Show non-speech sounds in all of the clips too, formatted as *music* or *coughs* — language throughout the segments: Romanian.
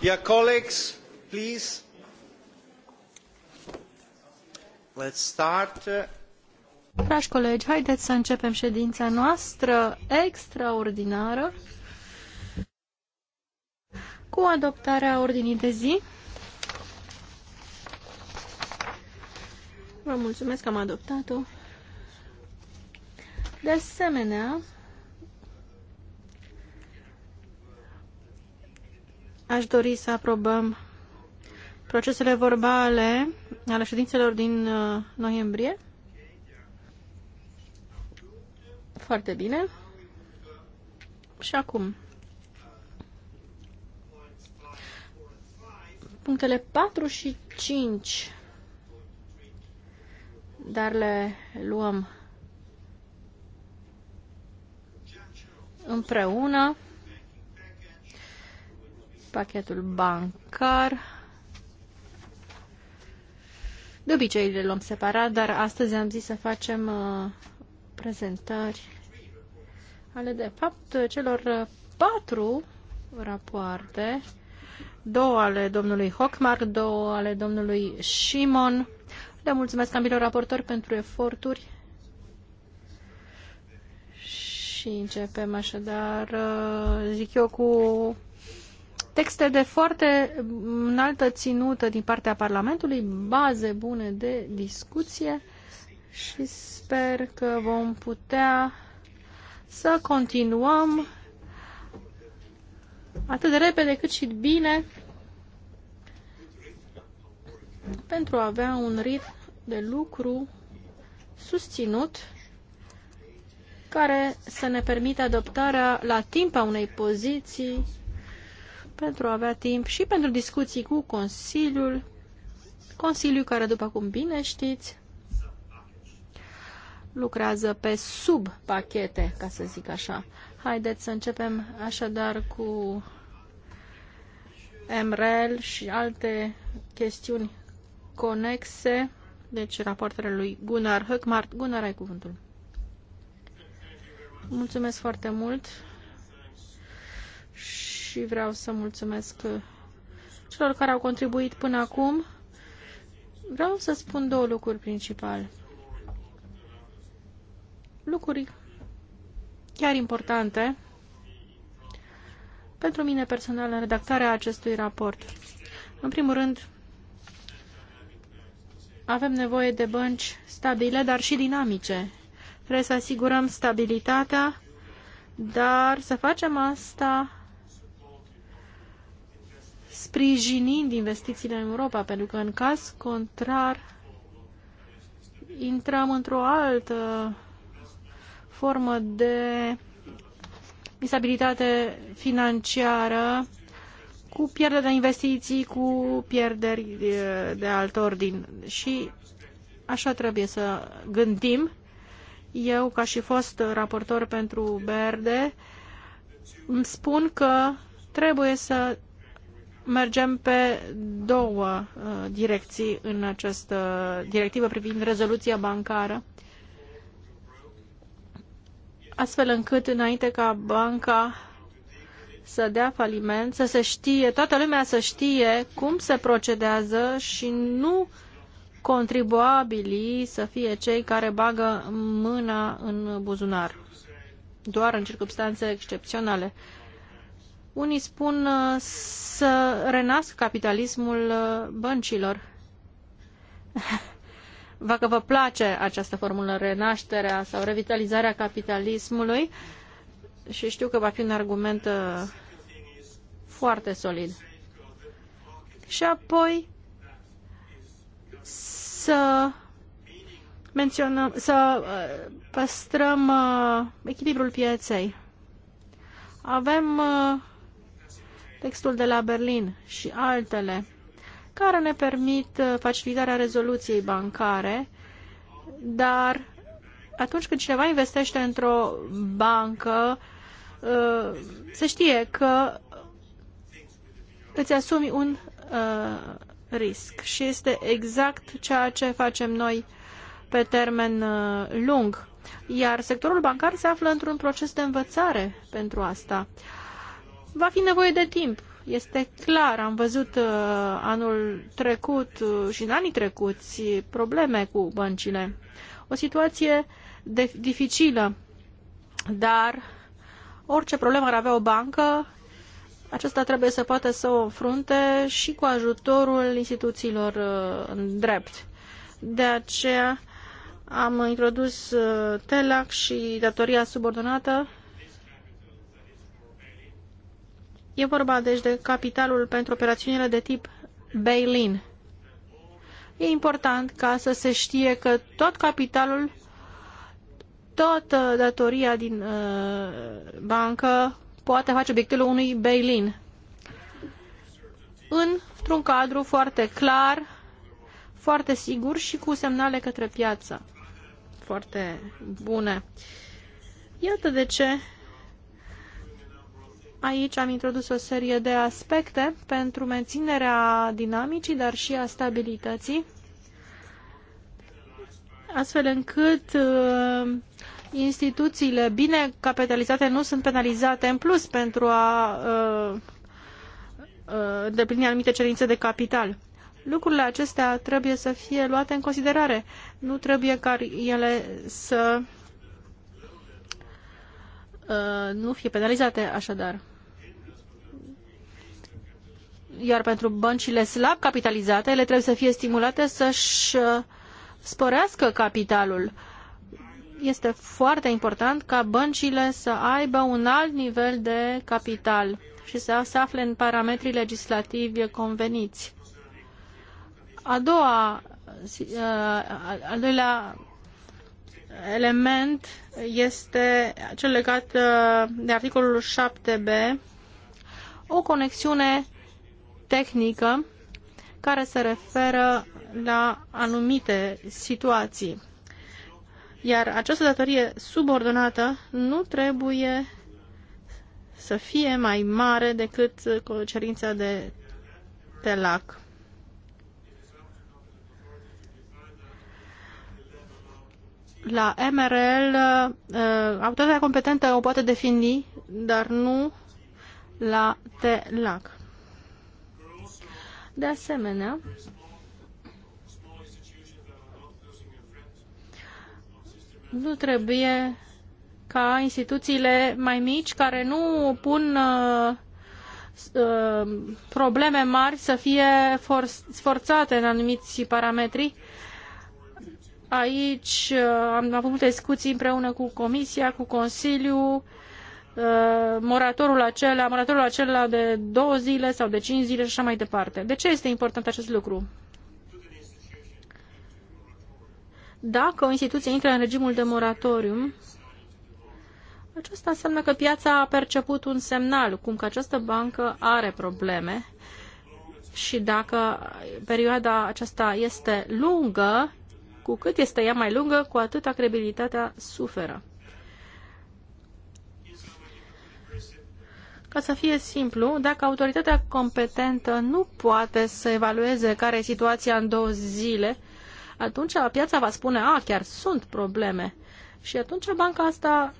Dear colleagues, please, let's start. Dragi colegi, haideți să începem ședința noastră extraordinară cu adoptarea ordinii de zi. Vă mulțumesc că am adoptat-o. De asemenea, aș dori să aprobăm procesele verbale ale ședințelor din uh, noiembrie. Foarte bine. Și acum. Punctele 4 și 5. Dar le luăm împreună pachetul bancar. De obicei le luăm separat, dar astăzi am zis să facem uh, prezentări ale, de fapt, celor uh, patru rapoarte, două ale domnului Hockmark, două ale domnului Shimon. Le mulțumesc ambilor raportori pentru eforturi și începem așadar, uh, zic eu, cu texte de foarte înaltă ținută din partea Parlamentului, baze bune de discuție și sper că vom putea să continuăm atât de repede cât și bine pentru a avea un ritm de lucru susținut care să ne permită adoptarea la timp a unei poziții pentru a avea timp și pentru discuții cu Consiliul, Consiliul care, după cum bine știți, lucrează pe subpachete, ca să zic așa. Haideți să începem așadar cu MREL și alte chestiuni conexe, deci rapoartele lui Gunnar Höckmart. Gunnar, ai cuvântul. Mulțumesc foarte mult și și vreau să mulțumesc uh, celor care au contribuit până acum. Vreau să spun două lucruri principale. Lucruri chiar importante pentru mine personal în redactarea acestui raport. În primul rând, avem nevoie de bănci stabile, dar și dinamice. Trebuie să asigurăm stabilitatea, dar să facem asta sprijinind investițiile în Europa, pentru că în caz contrar intrăm într-o altă formă de instabilitate financiară cu pierderi de investiții, cu pierderi de alt ordin. Și așa trebuie să gândim. Eu, ca și fost raportor pentru Berde, îmi spun că trebuie să mergem pe două uh, direcții în această directivă privind rezoluția bancară, astfel încât înainte ca banca să dea faliment, să se știe, toată lumea să știe cum se procedează și nu contribuabilii să fie cei care bagă mâna în buzunar, doar în circunstanțe excepționale. Unii spun uh, să renască capitalismul uh, băncilor. *laughs* Vă că vă place această formulă, renașterea sau revitalizarea capitalismului și știu că va fi un argument uh, foarte solid. Și apoi să menționăm, să păstrăm echilibrul pieței. Avem textul de la Berlin și altele, care ne permit uh, facilitarea rezoluției bancare, dar atunci când cineva investește într-o bancă, uh, se știe că îți asumi un uh, risc și este exact ceea ce facem noi pe termen lung. Iar sectorul bancar se află într-un proces de învățare pentru asta. Uh, va fi nevoie de timp. Este clar, am văzut uh, anul trecut uh, și în anii trecuți probleme cu băncile. O situație de- dificilă, dar orice problemă ar avea o bancă, acesta trebuie să poată să o înfrunte și cu ajutorul instituțiilor uh, în drept. De aceea am introdus uh, TELAC și datoria subordonată E vorba deci de capitalul pentru operațiunile de tip bail-in. E important ca să se știe că tot capitalul, toată uh, datoria din uh, bancă poate face obiectul unui bail-in. Într-un cadru foarte clar, foarte sigur și cu semnale către piață foarte bune. Iată de ce Aici am introdus o serie de aspecte pentru menținerea dinamicii, dar și a stabilității, astfel încât uh, instituțiile bine capitalizate nu sunt penalizate în plus pentru a uh, uh, îndeplini anumite cerințe de capital. Lucrurile acestea trebuie să fie luate în considerare. Nu trebuie ca ele să Uh, nu fie penalizate așadar. Iar pentru băncile slab capitalizate, ele trebuie să fie stimulate să-și uh, sporească capitalul. Este foarte important ca băncile să aibă un alt nivel de capital și să se afle în parametrii legislativi conveniți. A doua, uh, al doilea element este cel legat uh, de articolul 7b, o conexiune tehnică care se referă la anumite situații. Iar această datorie subordonată nu trebuie să fie mai mare decât uh, cerința de telac. la MRL uh, autoritatea competentă o poate defini, dar nu la TLAC. De asemenea, nu trebuie ca instituțiile mai mici care nu pun uh, uh probleme mari să fie for, forțate în anumiți parametri Aici uh, am avut multe discuții împreună cu Comisia, cu Consiliu, uh, moratorul acela, moratorul acela de două zile sau de cinci zile și așa mai departe. De ce este important acest lucru? Dacă o instituție intră în regimul de moratorium, aceasta înseamnă că piața a perceput un semnal, cum că această bancă are probleme și dacă perioada aceasta este lungă, cu cât este ea mai lungă, cu atâta credibilitatea suferă. Ca să fie simplu, dacă autoritatea competentă nu poate să evalueze care e situația în două zile, atunci piața va spune, a, chiar sunt probleme. Și atunci banca asta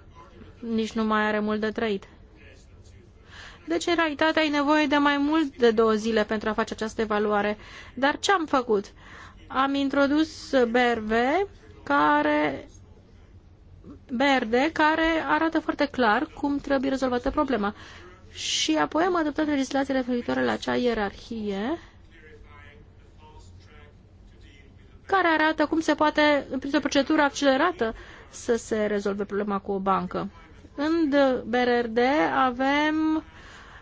nici nu mai are mult de trăit. Deci, în realitate, ai nevoie de mai mult de două zile pentru a face această evaluare. Dar ce am făcut? am introdus BRV care verde care arată foarte clar cum trebuie rezolvată problema. Și apoi am adoptat legislație referitoare la acea ierarhie care arată cum se poate, în o procedură accelerată, să se rezolve problema cu o bancă. În BRD avem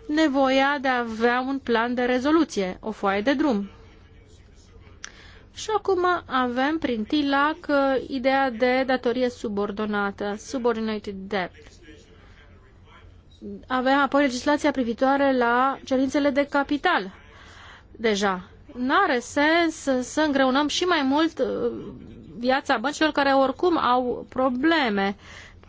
nevoia de a avea un plan de rezoluție, o foaie de drum. Și acum avem prin TILAC ideea de datorie subordonată, subordinated debt. Avem apoi legislația privitoare la cerințele de capital. Deja, Nu are sens să îngreunăm și mai mult uh, viața băncilor care oricum au probleme.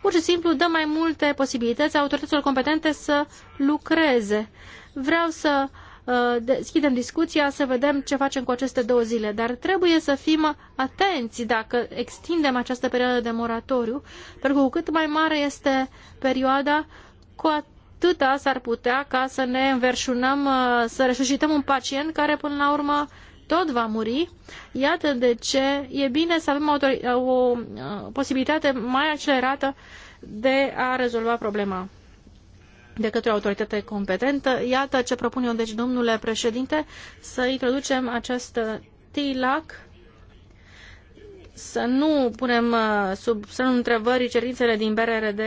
Pur și simplu dă mai multe posibilități autorităților competente să lucreze. Vreau să uh, Uh, deschidem discuția să vedem ce facem cu aceste două zile, dar trebuie să fim atenți dacă extindem această perioadă de moratoriu, pentru că cu cât mai mare este perioada, cu atâta s-ar putea ca să ne înverșunăm, uh, să resuscităm un pacient care până la urmă tot va muri. Iată de ce e bine să avem o, o uh, posibilitate mai accelerată de a rezolva problema de către o autoritate competentă. Iată ce propun eu, deci, domnule președinte, să introducem acest uh, TILAC, să nu punem uh, sub semnul întrebării cerințele din BRRD,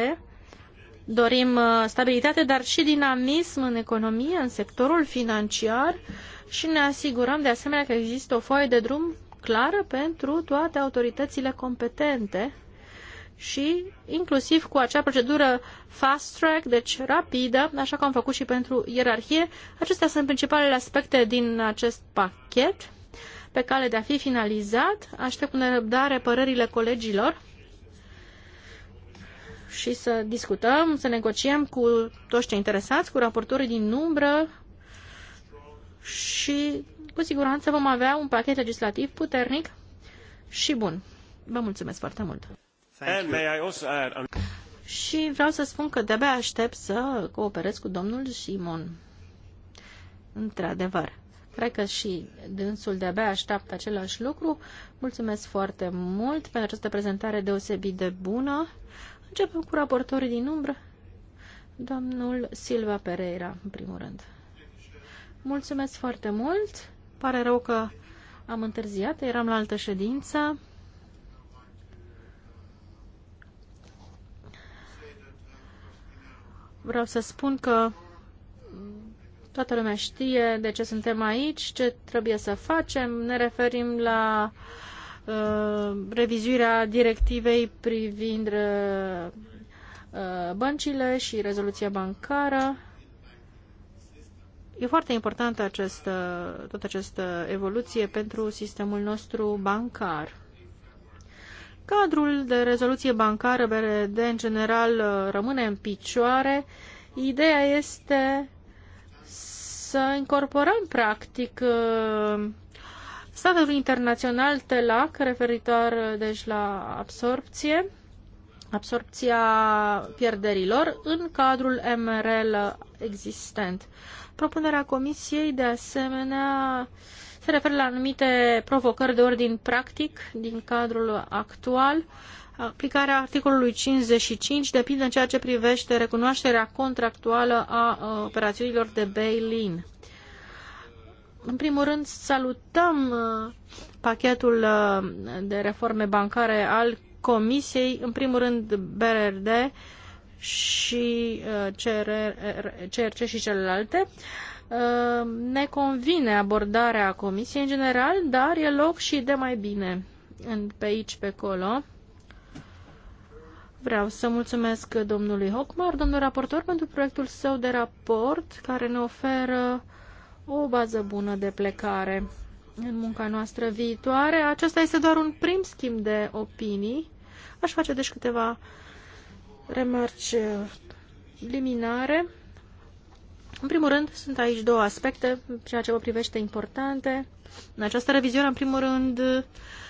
dorim uh, stabilitate, dar și dinamism în economie, în sectorul financiar și ne asigurăm de asemenea că există o foaie de drum clară pentru toate autoritățile competente și inclusiv cu acea procedură fast track, deci rapidă, așa cum am făcut și pentru ierarhie. Acestea sunt principalele aspecte din acest pachet pe cale de a fi finalizat. Aștept cu nerăbdare părerile colegilor și să discutăm, să negociem cu toți cei interesați, cu raportorii din umbră și cu siguranță vom avea un pachet legislativ puternic și bun. Vă mulțumesc foarte mult! May I also add... Um, și vreau să spun că de-abia aștept să cooperez cu domnul Simon. Într-adevăr. Cred că și dânsul de-abia așteaptă același lucru. Mulțumesc foarte mult pentru această prezentare deosebit de bună. Începem cu raportorii din umbră. Domnul Silva Pereira, în primul rând. Mulțumesc foarte mult. Pare rău că am întârziat, eram la altă ședință. vreau să spun că toată lumea știe de ce suntem aici, ce trebuie să facem. Ne referim la uh, revizuirea directivei privind uh, uh băncile și rezoluția bancară. E foarte importantă această, toată această evoluție pentru sistemul nostru bancar. Cadrul de rezoluție bancară BRD în general rămâne în picioare. Ideea este să incorporăm practic statul internațional TELAC referitor deci la absorpție, absorpția pierderilor în cadrul MRL existent. Propunerea Comisiei de asemenea se referă la anumite provocări de ordin practic din cadrul actual. Aplicarea articolului 55 depinde în ceea ce privește recunoașterea contractuală a uh, operațiunilor de bail-in. În primul rând, salutăm uh, pachetul uh, de reforme bancare al Comisiei, în primul rând BRD și CRC și celelalte. Ehm, ne convine abordarea comisiei în general, dar e loc și de mai bine în, pe aici, pe acolo. Vreau să mulțumesc domnului Hockmar, domnul raportor, pentru proiectul său de raport, care ne oferă o bază bună de plecare în munca noastră viitoare. Acesta este doar un prim schimb de opinii. Aș face deci câteva remarci eh, liminare. În primul rând, sunt aici două aspecte, ceea ce mă privește importante. În această revizionă, în primul rând,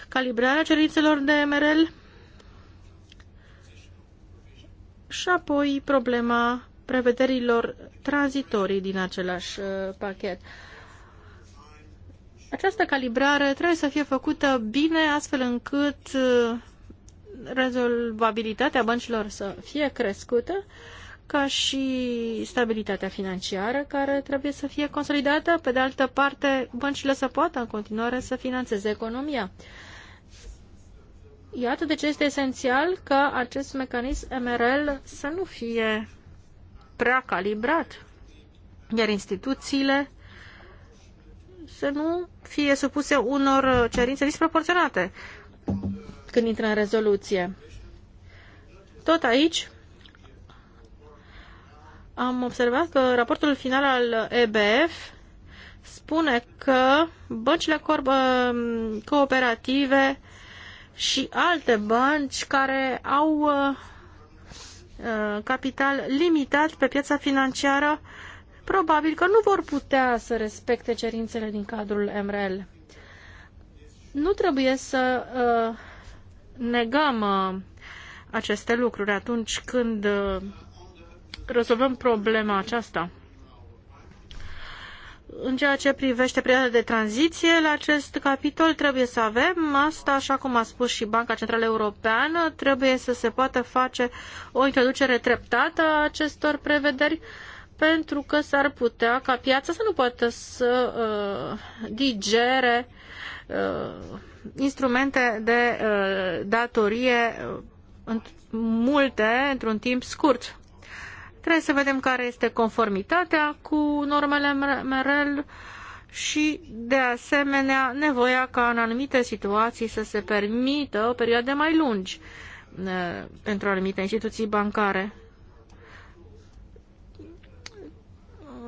calibrarea cerințelor de MRL și apoi problema prevederilor tranzitorii din același uh, pachet. Această calibrare trebuie să fie făcută bine, astfel încât uh, rezolvabilitatea băncilor să fie crescută ca și stabilitatea financiară, care trebuie să fie consolidată. Pe de altă parte, băncile să poată în continuare să financeze economia. Iată de ce este esențial ca acest mecanism MRL să nu fie prea calibrat, iar instituțiile să nu fie supuse unor cerințe disproporționate când intră în rezoluție. Tot aici am observat că raportul final al EBF spune că băncile uh, cooperative și alte bănci care au uh, uh, capital limitat pe piața financiară probabil că nu vor putea să respecte cerințele din cadrul MREL. Nu trebuie să negăm aceste lucruri atunci când rezolvăm problema aceasta. În ceea ce privește perioada de tranziție, la acest capitol trebuie să avem asta, așa cum a spus și Banca Centrală Europeană, trebuie să se poată face o introducere treptată a acestor prevederi, pentru că s-ar putea ca piața să nu poată să uh, digere uh, instrumente de uh, datorie uh, multe într-un timp scurt. Trebuie să vedem care este conformitatea cu normele MRL și, de asemenea, nevoia ca în anumite situații să se permită o perioadă mai lungi pentru anumite instituții bancare.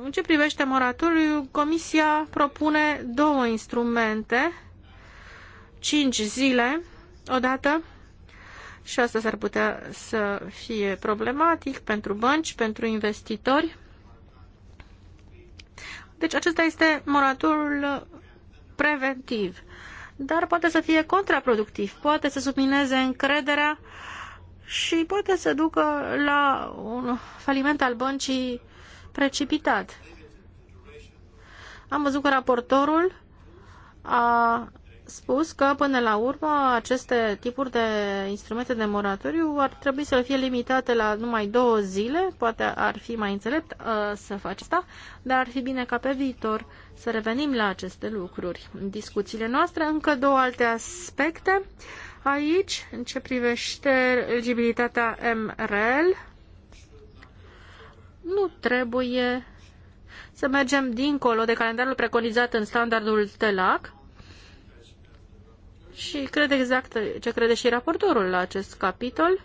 În ce privește moratoriu, Comisia propune două instrumente, cinci zile odată și asta s-ar putea să fie problematic pentru bănci, pentru investitori. Deci acesta este moratorul preventiv, dar poate să fie contraproductiv, poate să submineze încrederea și poate să ducă la un faliment al băncii precipitat. Am văzut că raportorul a spus că, până la urmă, aceste tipuri de instrumente de moratoriu ar trebui să fie limitate la numai două zile, poate ar fi mai înțelept uh, să faci asta, dar ar fi bine ca pe viitor să revenim la aceste lucruri. În discuțiile noastre, încă două alte aspecte aici, în ce privește eligibilitatea MRL, nu trebuie să mergem dincolo de calendarul preconizat în standardul TELAC, și cred exact ce crede și raportorul la acest capitol,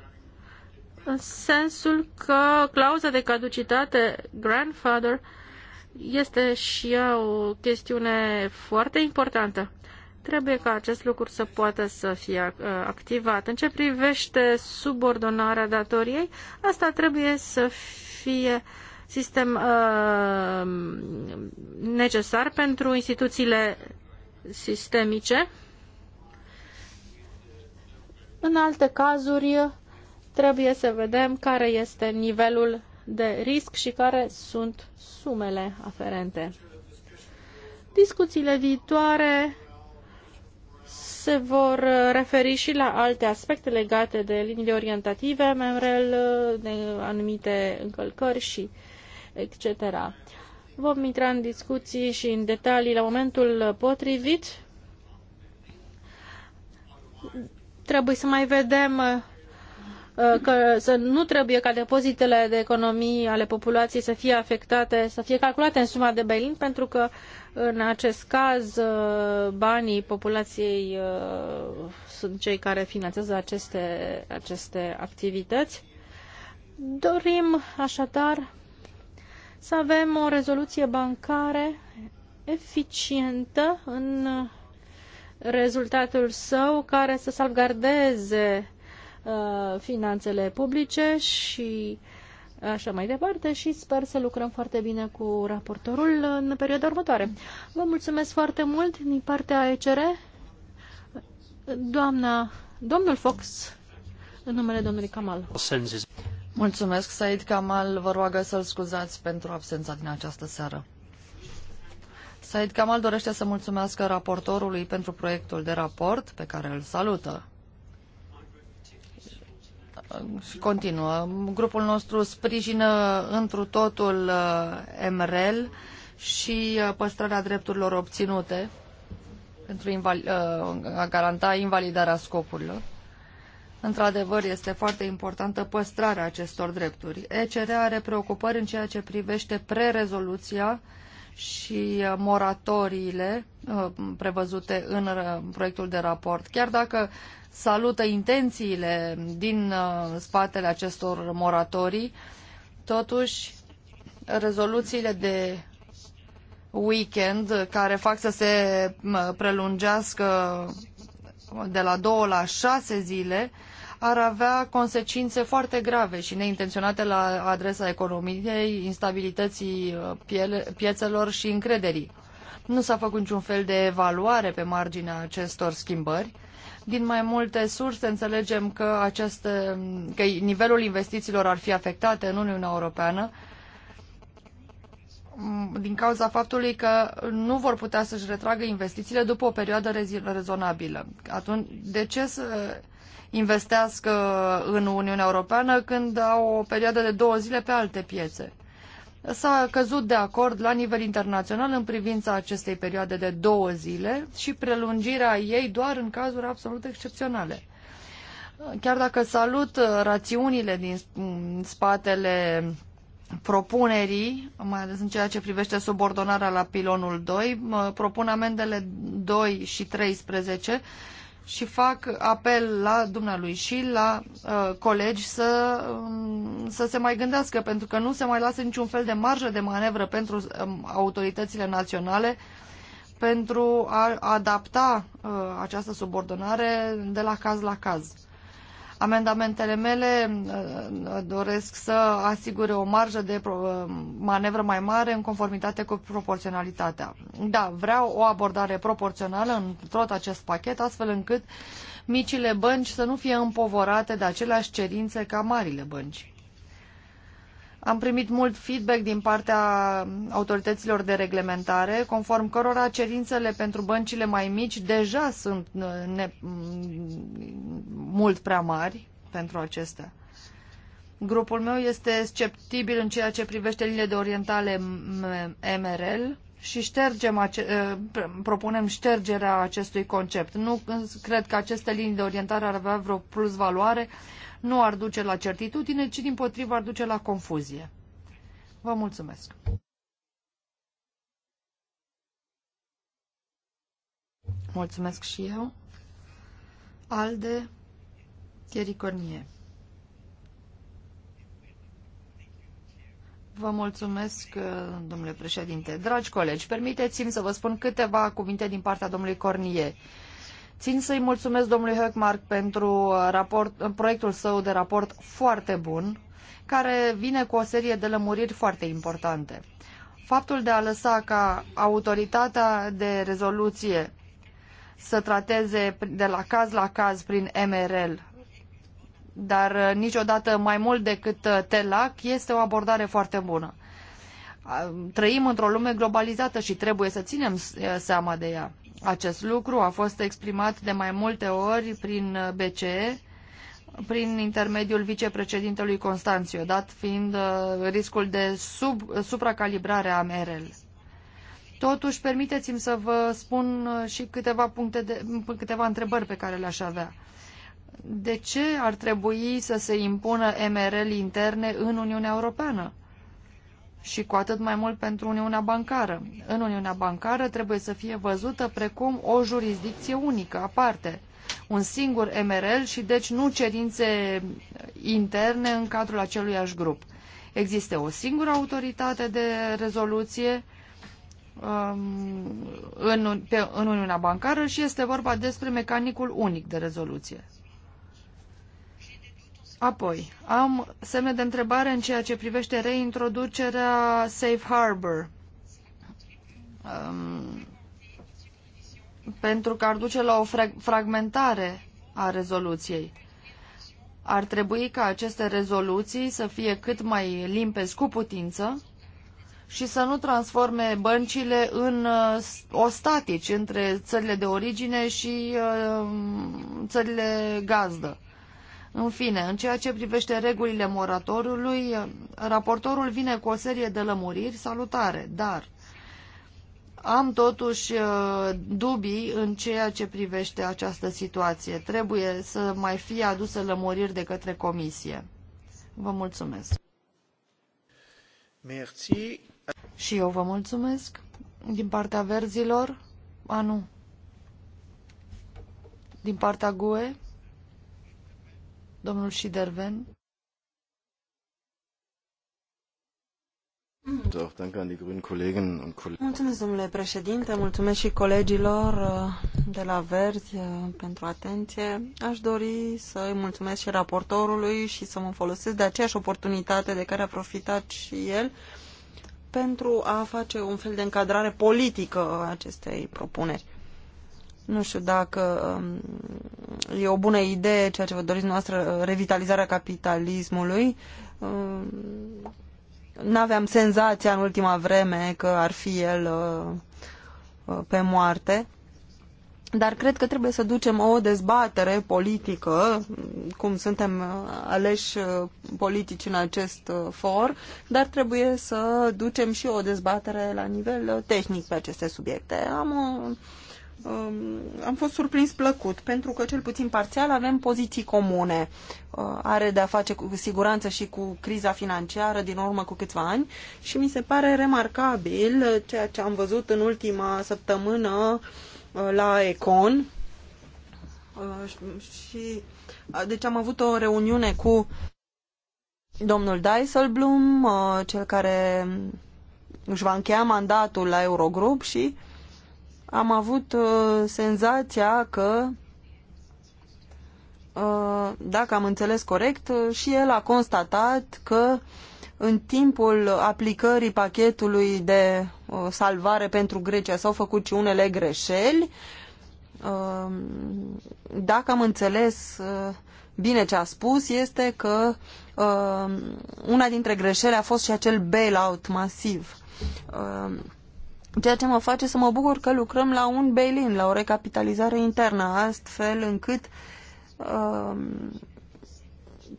în sensul că clauza de caducitate grandfather este și ea o chestiune foarte importantă. Trebuie ca acest lucru să poată să fie uh, activat. În ce privește subordonarea datoriei, asta trebuie să fie sistem uh, necesar pentru instituțiile sistemice în alte cazuri, trebuie să vedem care este nivelul de risc și care sunt sumele aferente. Discuțiile viitoare se vor referi și la alte aspecte legate de liniile orientative, MRL, de anumite încălcări și etc. Vom intra în discuții și în detalii la momentul potrivit. Trebuie să mai vedem uh, uh, că să nu trebuie ca depozitele de economii ale populației să fie afectate, să fie calculate în suma de bail-in, pentru că în acest caz uh, banii populației sunt cei care finanțează aceste, aceste activități. Dorim așadar să avem o rezoluție bancare eficientă în rezultatul său care să salvgardeze uh, finanțele publice și așa mai departe și sper să lucrăm foarte bine cu raportorul în perioada următoare. Vă mulțumesc foarte mult din partea ECR. Doamna, domnul Fox, în numele domnului Kamal. Mulțumesc, Said Kamal. Vă roagă să-l scuzați pentru absența din această seară. Said Kamal dorește să mulțumească raportorului pentru proiectul de raport pe care îl salută. Și continuă. Grupul nostru sprijină întru totul uh, MRL și uh, păstrarea drepturilor obținute pentru uh, a garanta invalidarea scopurilor. Într-adevăr, este foarte importantă păstrarea acestor drepturi. ECR are preocupări în ceea ce privește prerezoluția rezoluția și uh, moratoriile uh, prevăzute în uh, proiectul de raport. Chiar dacă salută intențiile din spatele acestor moratorii, totuși rezoluțiile de weekend care fac să se prelungească de la două la șase zile ar avea consecințe foarte grave și neintenționate la adresa economiei, instabilității uh, piețelor și încrederii. Nu s-a făcut niciun fel de evaluare pe marginea acestor schimbări. Din mai multe surse înțelegem că, aceste, că nivelul investițiilor ar fi afectate în Uniunea Europeană mm, din cauza faptului că nu vor putea să-și retragă investițiile după o perioadă rezonabilă. Atunci, de ce să investească în Uniunea Europeană când au o perioadă de două zile pe alte piețe. S-a căzut de acord la nivel internațional în privința acestei perioade de două zile și prelungirea ei doar în cazuri absolut excepționale. Chiar dacă salut uh, rațiunile din spatele propunerii, mai ales în ceea ce privește subordonarea la pilonul 2, propun amendele 2 și 13 și fac apel la dumnealui și la uh, colegi să, um, să se mai gândească, pentru că nu se mai lasă niciun fel de marjă de manevră pentru um, autoritățile naționale pentru a adapta uh, această subordonare de la caz la caz. Amendamentele mele uh, uh, doresc să asigure o marjă de uh, manevră mai mare în conformitate cu proporționalitatea. Da, vreau o abordare proporțională în tot acest pachet, astfel încât micile bănci să nu fie împovorate de aceleași cerințe ca marile bănci. Am primit mult feedback din partea autorităților de reglementare, conform cărora cerințele pentru băncile mai mici deja sunt uh, ne... Mm, mult prea mari pentru acestea. Grupul meu este sceptibil în ceea ce privește liniile de orientare MRL și ștergem ace- uh, propunem ștergerea acestui concept. Nu cred că aceste linii de orientare ar avea vreo plus valoare nu ar duce la certitudine, ci din potrivă ar duce la confuzie. Vă mulțumesc! Mulțumesc și eu. Alde Thierry Vă mulțumesc, domnule președinte. Dragi colegi, permiteți-mi să vă spun câteva cuvinte din partea domnului Cornie. Țin să-i mulțumesc domnului Höckmark pentru uh, raport, uh, proiectul său de raport foarte bun, care vine cu o serie de lămuriri foarte importante. Faptul de a lăsa ca autoritatea de rezoluție să trateze de la caz la caz prin MRL, dar uh, niciodată mai mult decât TELAC, este o abordare foarte bună. Trăim într-o lume globalizată și trebuie să ținem seama de ea. Acest lucru a fost exprimat de mai multe ori prin BCE, prin intermediul vicepreședintelui Constanțiu, dat fiind uh, riscul de sub, supracalibrare a MRL. Totuși, permiteți-mi să vă spun uh, și câteva, puncte de, câteva întrebări pe care le-aș avea. De ce ar trebui să se impună MRL interne în Uniunea Europeană? și cu atât mai mult pentru Uniunea Bancară. În Uniunea Bancară trebuie să fie văzută precum o jurisdicție unică, aparte, un singur MRL și deci nu cerințe interne în cadrul aceluiași grup. Există o singură autoritate de rezoluție um, în, pe, în Uniunea Bancară și este vorba despre mecanicul unic de rezoluție. Apoi, am semne de întrebare în ceea ce privește reintroducerea Safe Harbor. Um, pentru că ar duce la o fragmentare a rezoluției. Ar trebui ca aceste rezoluții să fie cât mai limpezi cu putință și să nu transforme băncile în uh, ostatici între țările de origine și uh, țările gazdă. În fine, în ceea ce privește regulile moratorului, raportorul vine cu o serie de lămuriri salutare, dar am totuși uh, dubii în ceea ce privește această situație. Trebuie să mai fie aduse lămuriri de către comisie. Vă mulțumesc. Merci. Și eu vă mulțumesc. Din partea verzilor? A, nu. Din partea GUE? Domnul Șiderven. Mulțumesc, domnule președinte, mulțumesc și colegilor uh, de la Verzi uh, pentru atenție. Aș dori să îi mulțumesc și raportorului și să mă folosesc de aceeași oportunitate de care a profitat și el pentru a face un fel de încadrare politică acestei propuneri. Nu știu dacă um, e o bună idee ceea ce vă doriți noastră, uh, revitalizarea capitalismului. Um, n-aveam senzația în ultima vreme că ar fi el uh, uh, pe moarte dar cred că trebuie să ducem o dezbatere politică, cum suntem aleși politici în acest for, dar trebuie să ducem și o dezbatere la nivel tehnic pe aceste subiecte. Am o Um, am fost surprins plăcut, pentru că cel puțin parțial avem poziții comune. Uh, are de a face cu siguranță și cu criza financiară din urmă cu câțiva ani și mi se pare remarcabil ceea ce am văzut în ultima săptămână uh, la Econ. Uh, și, deci am avut o reuniune cu domnul Dijsselbloem, cel care își va încheia mandatul la Eurogrup și uh, am avut uh, senzația că, uh, dacă am înțeles corect, uh, și el a constatat că în timpul aplicării pachetului de uh, salvare pentru Grecia s-au făcut și unele greșeli. Uh, dacă am înțeles uh, bine ce a spus, este că uh, una dintre greșeli a fost și acel bailout masiv. Uh, Ceea ce mă face să mă bucur că lucrăm la un bail-in, la o recapitalizare internă, astfel încât uh,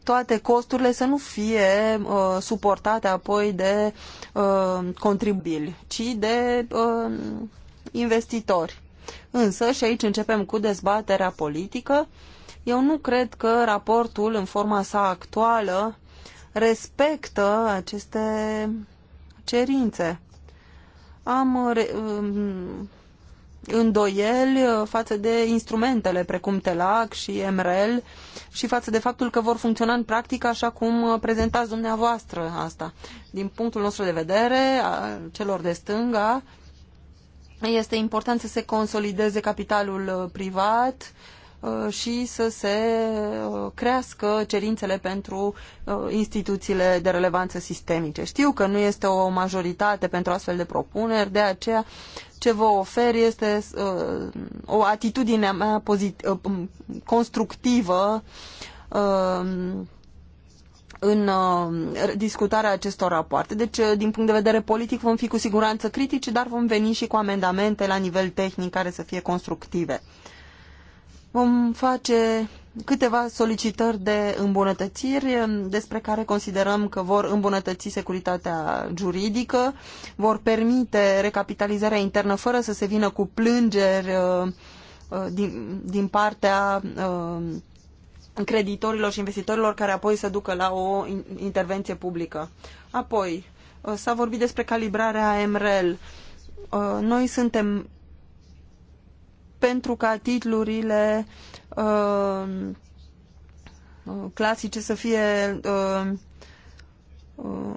toate costurile să nu fie uh, suportate apoi de uh, contribuabili, ci de uh, investitori. Însă, și aici începem cu dezbaterea politică, eu nu cred că raportul în forma sa actuală respectă aceste cerințe am re, um, îndoieli uh, față de instrumentele precum TELAC și MREL și față de faptul că vor funcționa în practică așa cum uh, prezentați dumneavoastră asta. Din punctul nostru de vedere, a celor de stânga, este important să se consolideze capitalul uh, privat, Uh, și să se uh, crească cerințele pentru uh, instituțiile de relevanță sistemice. Știu că nu este o majoritate pentru astfel de propuneri, de aceea ce vă ofer este o atitudine mea um, constructivă în discutarea acestor rapoarte. Deci, din punct de vedere politic, vom fi cu siguranță critici, dar vom veni și cu amendamente la nivel tehnic care să fie constructive. Uh, Vom face câteva solicitări de îmbunătățiri despre care considerăm că vor îmbunătăți securitatea juridică, vor permite recapitalizarea internă fără să se vină cu plângeri uh, uh, din, din partea uh, creditorilor și investitorilor care apoi să ducă la o intervenție publică. Apoi, s-a vorbit despre calibrarea MREL. Noi suntem pentru ca titlurile uh, clasice să fie uh, uh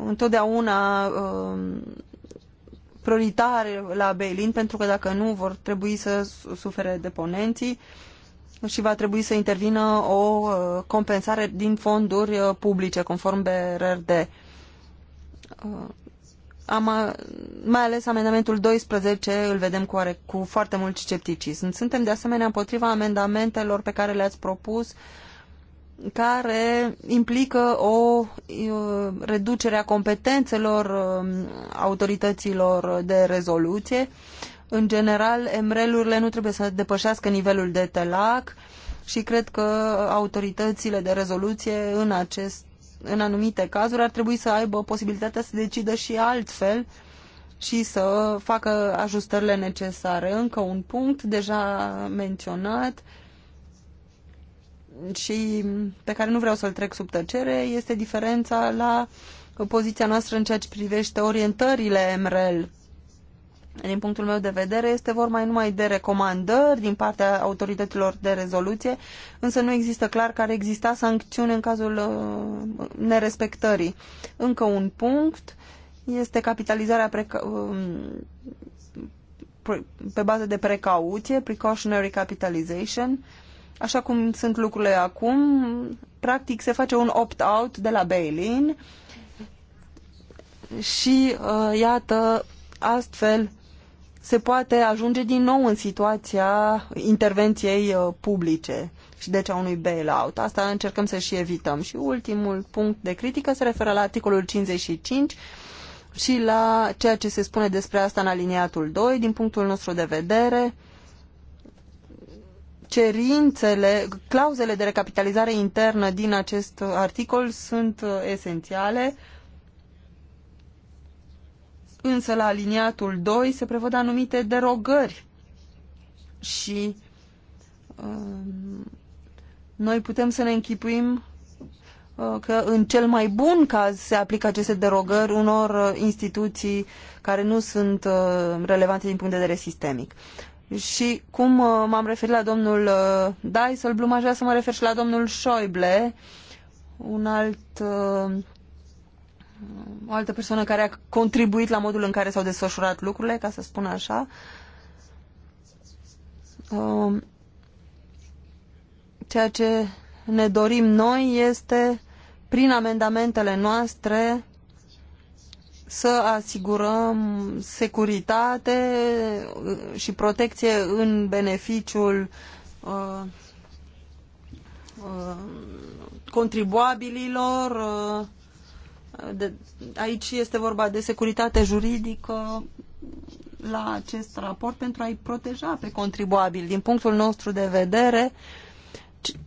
întotdeauna uh, prioritare la Beilin, pentru că dacă nu vor trebui să sufere deponenții și va trebui să intervină o uh, compensare din fonduri uh, publice, conform BRRD. Am, mai ales amendamentul 12 îl vedem cu, oare, cu foarte mult scepticism. Suntem de asemenea împotriva amendamentelor pe care le-ați propus care implică o reducere a competențelor um, autorităților de rezoluție. În general, MREL-urile nu trebuie să depășească nivelul de TELAC și cred că autoritățile de rezoluție în acest în anumite cazuri ar trebui să aibă posibilitatea să decidă și altfel și să facă ajustările necesare. Încă un punct deja menționat și pe care nu vreau să-l trec sub tăcere este diferența la poziția noastră în ceea ce privește orientările MREL din punctul meu de vedere, este vorba numai de recomandări din partea autorităților de rezoluție, însă nu există clar care exista sancțiune în cazul uh, nerespectării. Încă un punct este capitalizarea um, pe bază de precauție, precautionary capitalization, așa cum sunt lucrurile acum, practic se face un opt-out de la bail-in și uh, iată astfel se poate ajunge din nou în situația intervenției uh, publice și deci a unui bailout. Asta încercăm să și evităm. Și ultimul punct de critică se referă la articolul 55 și la ceea ce se spune despre asta în aliniatul 2. Din punctul nostru de vedere, cerințele, clauzele de recapitalizare internă din acest articol sunt uh, esențiale Însă la aliniatul 2 se prevăd anumite derogări și uh, noi putem să ne închipuim uh, că în cel mai bun caz se aplică aceste derogări unor uh, instituții care nu sunt uh, relevante din punct de vedere sistemic. Și cum uh, m-am referit la domnul uh, Blum, aș vrea să mă refer și la domnul Schäuble, un alt uh, o altă persoană care a contribuit la modul în care s-au desfășurat lucrurile, ca să spun așa. Um, ceea ce ne dorim noi este, prin amendamentele noastre, să asigurăm securitate și protecție în beneficiul uh, uh, contribuabililor, uh, de, aici este vorba de securitate juridică la acest raport pentru a-i proteja pe contribuabil. Din punctul nostru de vedere,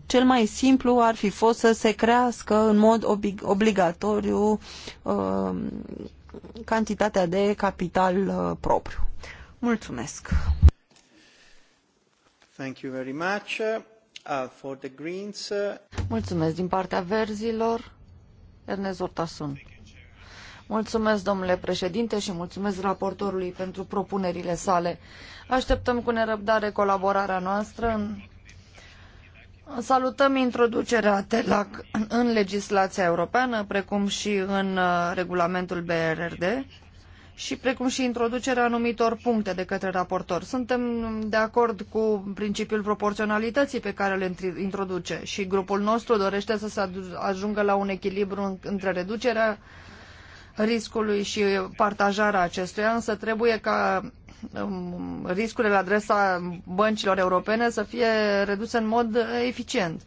cel mai simplu ar fi fost să se crească în mod obligatoriu uh, cantitatea de capital uh, propriu. Mulțumesc! Thank you very much. Uh, for the greens, uh, Mulțumesc din partea verzilor. Ernest Urtasun. Mulțumesc, domnule președinte, și mulțumesc raportorului pentru propunerile sale. Așteptăm cu nerăbdare colaborarea noastră în Salutăm introducerea TELAC în legislația europeană, precum și în uh, regulamentul BRRD și precum și introducerea anumitor puncte de către raportor. Suntem de acord cu principiul proporționalității pe care îl introduce și grupul nostru dorește să se ajungă la un echilibru între reducerea riscului și partajarea acestuia, însă trebuie ca um, riscurile la adresa băncilor europene să fie reduse în mod eficient.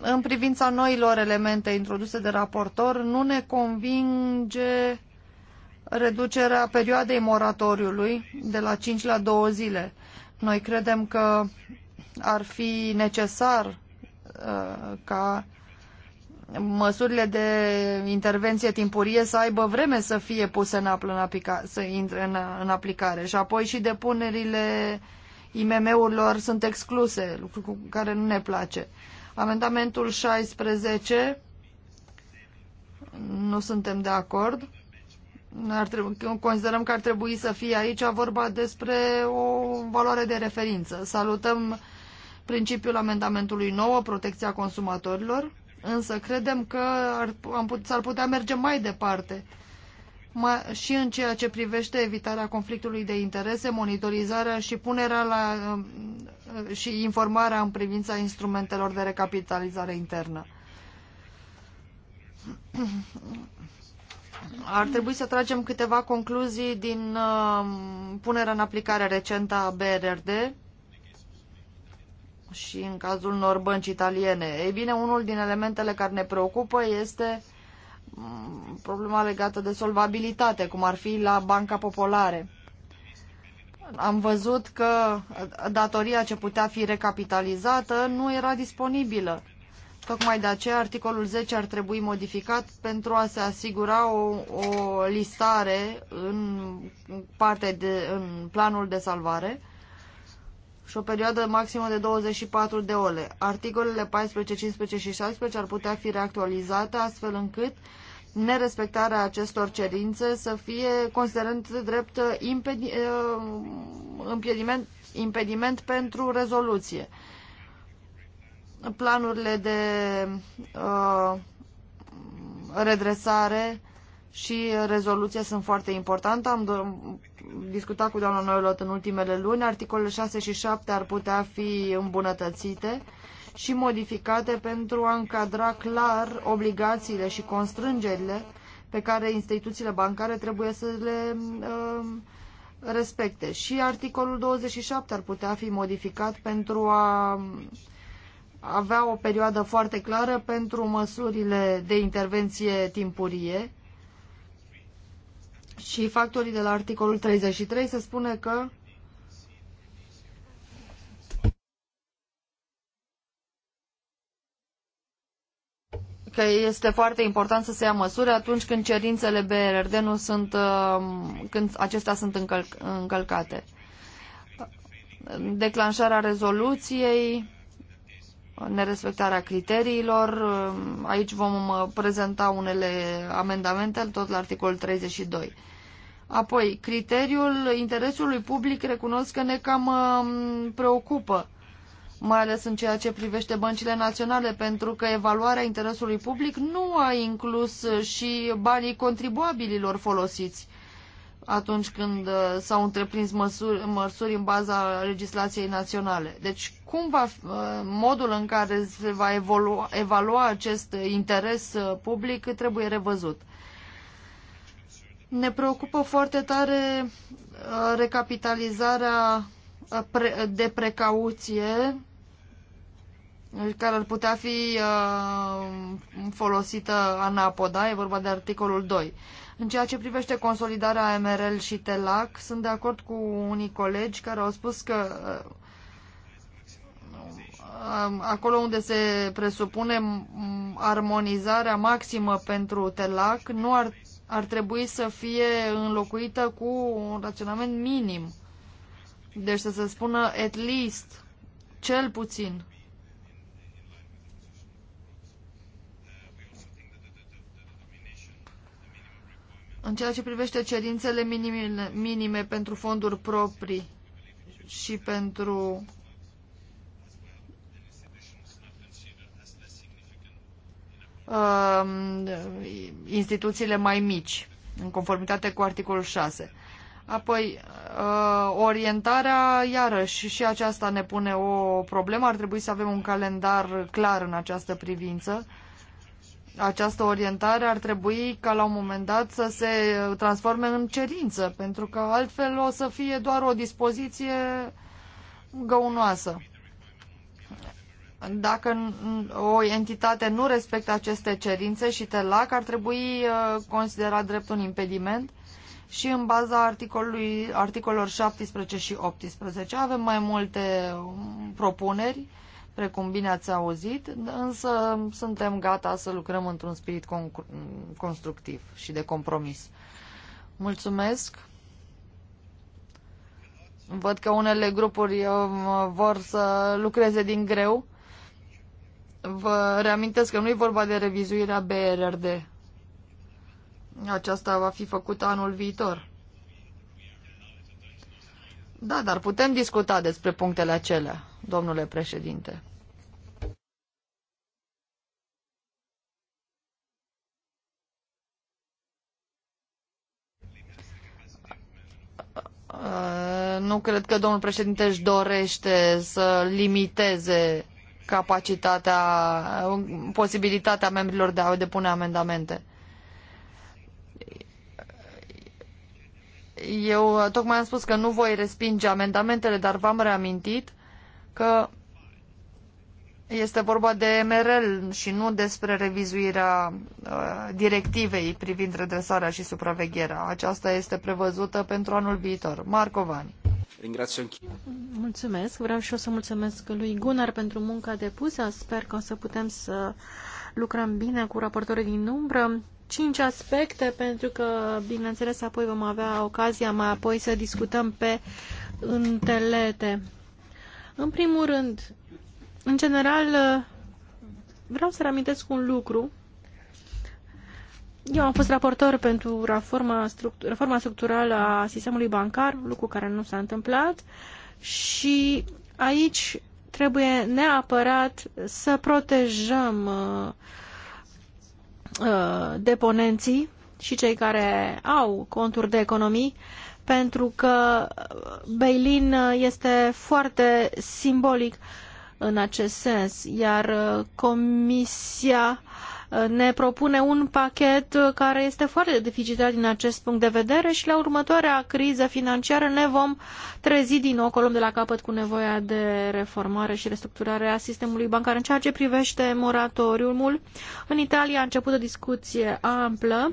În privința noilor elemente introduse de raportor, nu ne convinge reducerea perioadei moratoriului de la cinci la 2 zile. Noi credem că ar fi necesar uh, ca măsurile de intervenție timpurie să aibă vreme să fie puse în, apl- în aplica- să intre în, în aplicare și apoi și depunerile IMM-urilor sunt excluse, lucru cu care nu ne place. Amendamentul 16 nu suntem de acord. Ar trebui, considerăm că ar trebui să fie aici vorba despre o valoare de referință. Salutăm principiul amendamentului 9, protecția consumatorilor, însă credem că ar, put, s-ar putea merge mai departe mai, și în ceea ce privește evitarea conflictului de interese, monitorizarea și punerea la, uh, și informarea în privința instrumentelor de recapitalizare internă ar trebui să tragem câteva concluzii din uh, punerea în aplicare recentă a BRRD și în cazul unor bănci italiene. Ei bine, unul din elementele care ne preocupă este mm, problema legată de solvabilitate, cum ar fi la Banca Populare. Am văzut că datoria ce putea fi recapitalizată nu era disponibilă Tocmai de aceea articolul 10 ar trebui modificat pentru a se asigura o, o listare în, parte de, în planul de salvare și o perioadă maximă de 24 de ore. Articolele 14, 15 și 16 ar putea fi reactualizate astfel încât nerespectarea acestor cerințe să fie considerând drept uh, impediment, uh, impediment pentru rezoluție planurile de uh, redresare și rezoluție sunt foarte importante. Am discutat cu doamna Noilot în ultimele luni. Articolele 6 și 7 ar putea fi îmbunătățite și modificate pentru a încadra clar obligațiile și constrângerile pe care instituțiile bancare trebuie să le uh, respecte. Și articolul 27 ar putea fi modificat pentru a avea o perioadă foarte clară pentru măsurile de intervenție timpurie și factorii de la articolul 33 se spune că că este foarte important să se ia măsuri atunci când cerințele BRRD nu sunt, um, când acestea sunt încălc încălcate. Declanșarea rezoluției nerespectarea criteriilor. Aici vom prezenta unele amendamente, tot la articolul 32. Apoi, criteriul interesului public recunosc că ne cam um, preocupă, mai ales în ceea ce privește băncile naționale, pentru că evaluarea interesului public nu a inclus și banii contribuabililor folosiți atunci când uh, s-au întreprins măsuri, măsuri în baza legislației naționale. Deci, cum va, uh, modul în care se va evolua, evalua acest interes uh, public trebuie revăzut. Ne preocupă foarte tare recapitalizarea de precauție care ar putea fi folosită anapoda, da? e vorba de articolul 2. În ceea ce privește consolidarea MRL și TELAC, sunt de acord cu unii colegi care au spus că uh, uh, acolo unde se presupune armonizarea maximă pentru TELAC, nu ar, ar trebui să fie înlocuită cu un raționament minim. Deci să se spună at least, cel puțin. În ceea ce privește cerințele minime, minime pentru fonduri proprii și pentru uh, instituțiile mai mici, în conformitate cu articolul 6. Apoi, uh, orientarea, iarăși, și aceasta ne pune o problemă. Ar trebui să avem un calendar clar în această privință această orientare ar trebui ca la un moment dat să se transforme în cerință, pentru că altfel o să fie doar o dispoziție găunoasă. Dacă o entitate nu respectă aceste cerințe și te-l lac, ar trebui uh, considerat drept un impediment și în baza articolului, articolor 17 și 18 avem mai multe um, propuneri precum bine ați auzit, însă suntem gata să lucrăm într-un spirit constructiv și de compromis. Mulțumesc! Văd că unele grupuri uh, vor să lucreze din greu. Vă reamintesc că nu e vorba de revizuirea BRRD. Aceasta va fi făcută anul viitor. Da, dar putem discuta despre punctele acelea, domnule președinte. Uh, nu cred că domnul președinte își dorește să limiteze capacitatea, posibilitatea membrilor de a depune amendamente. Eu uh, tocmai am spus că nu voi respinge amendamentele, dar v-am reamintit că este vorba de MRL și nu despre revizuirea uh, directivei privind redresarea și supravegherea. Aceasta este prevăzută pentru anul viitor. Marco Vani. Mulțumesc. Vreau și eu să mulțumesc lui Gunnar pentru munca depusă. Sper că o să putem să lucrăm bine cu raportorii din umbră cinci aspecte, pentru că, bineînțeles, apoi vom avea ocazia mai apoi să discutăm pe întelete. În primul rând, în general, vreau să reamintesc un lucru. Eu am fost raportor pentru reforma, struct- reforma structurală a sistemului bancar, lucru care nu s-a întâmplat, și aici trebuie neapărat să protejăm uh, Uh, deponenții și cei care au conturi de economii, pentru că Beilin uh, este foarte simbolic în acest sens, iar uh, Comisia uh, ne propune un pachet care este foarte deficitar din acest punct de vedere și la următoarea criză financiară ne vom trezi din nou colom de la capăt cu nevoia de reformare și restructurare a sistemului bancar. În ceea ce privește moratoriumul, în Italia a început o discuție amplă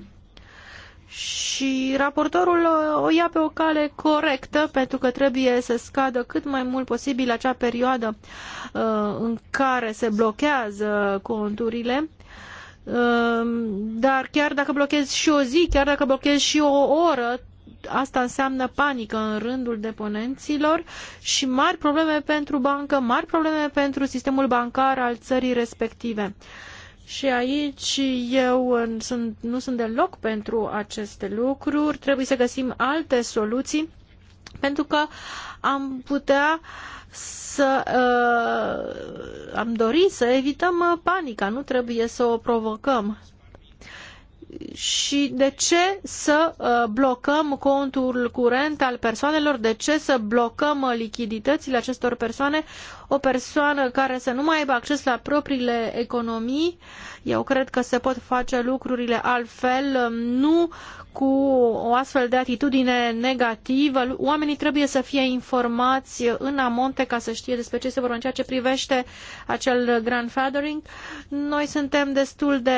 și raportorul o ia pe o cale corectă pentru că trebuie să scadă cât mai mult posibil acea perioadă uh, în care se blochează conturile Ehm, dar chiar dacă blochezi și o zi, chiar dacă blochezi și o oră, asta înseamnă panică în rândul deponenților și mari probleme pentru bancă, mari probleme pentru sistemul bancar al țării respective. Și aici eu sunt, nu sunt deloc pentru aceste lucruri, trebuie să găsim alte soluții pentru că am putea uh, să uh, am dorit să evităm uh, panica, nu trebuie să o provocăm. Și de ce să uh, blocăm contul curent al persoanelor? De ce să blocăm uh, lichiditățile acestor persoane? O persoană care să nu mai aibă acces la propriile economii, eu cred că se pot face lucrurile altfel, nu uh, cu o astfel de atitudine negativă. Oamenii trebuie să fie informați în amonte ca să știe despre ce este vorba în ceea ce privește acel grandfathering. Noi suntem destul de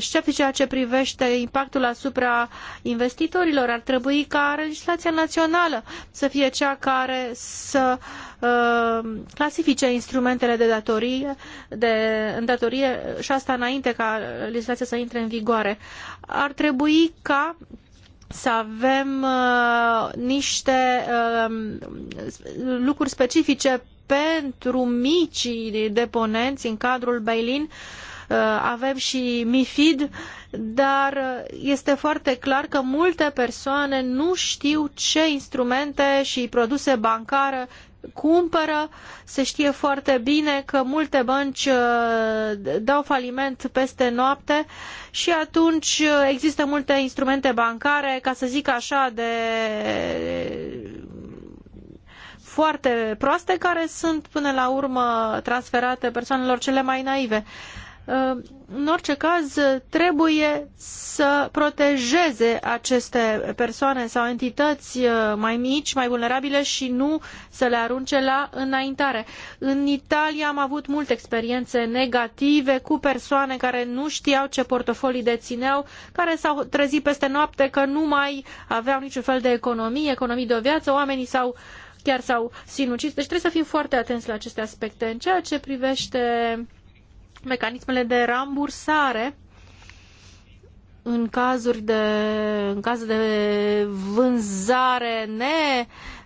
sceptici ceea ce privește impactul asupra investitorilor. Ar trebui ca legislația națională să fie cea care să uh, Uh, clasifice instrumentele de datorie, de îndatorie și asta înainte ca legislația să intre în vigoare. Ar trebui ca să avem uh, niște uh, lucruri specifice pentru micii deponenți în cadrul Bailin. Uh, avem și MIFID, dar uh, este foarte clar că multe persoane nu știu ce instrumente și produse bancare cumpără. Se știe foarte bine că multe bănci uh, dau faliment peste noapte și atunci uh, există multe instrumente bancare, ca să zic așa, de foarte proaste care sunt până la urmă transferate persoanelor cele mai naive. Uh, în orice caz, trebuie să protejeze aceste persoane sau entități uh, mai mici, mai vulnerabile și nu să le arunce la înaintare. În Italia am avut multe experiențe negative cu persoane care nu știau ce portofolii dețineau, care s-au trezit peste noapte că nu mai aveau niciun fel de economie, economii de o viață, oamenii s-au chiar s-au sinucis. Deci trebuie să fim foarte atenți la aceste aspecte. În ceea ce privește mecanismele de rambursare în cazuri de, în caz de vânzare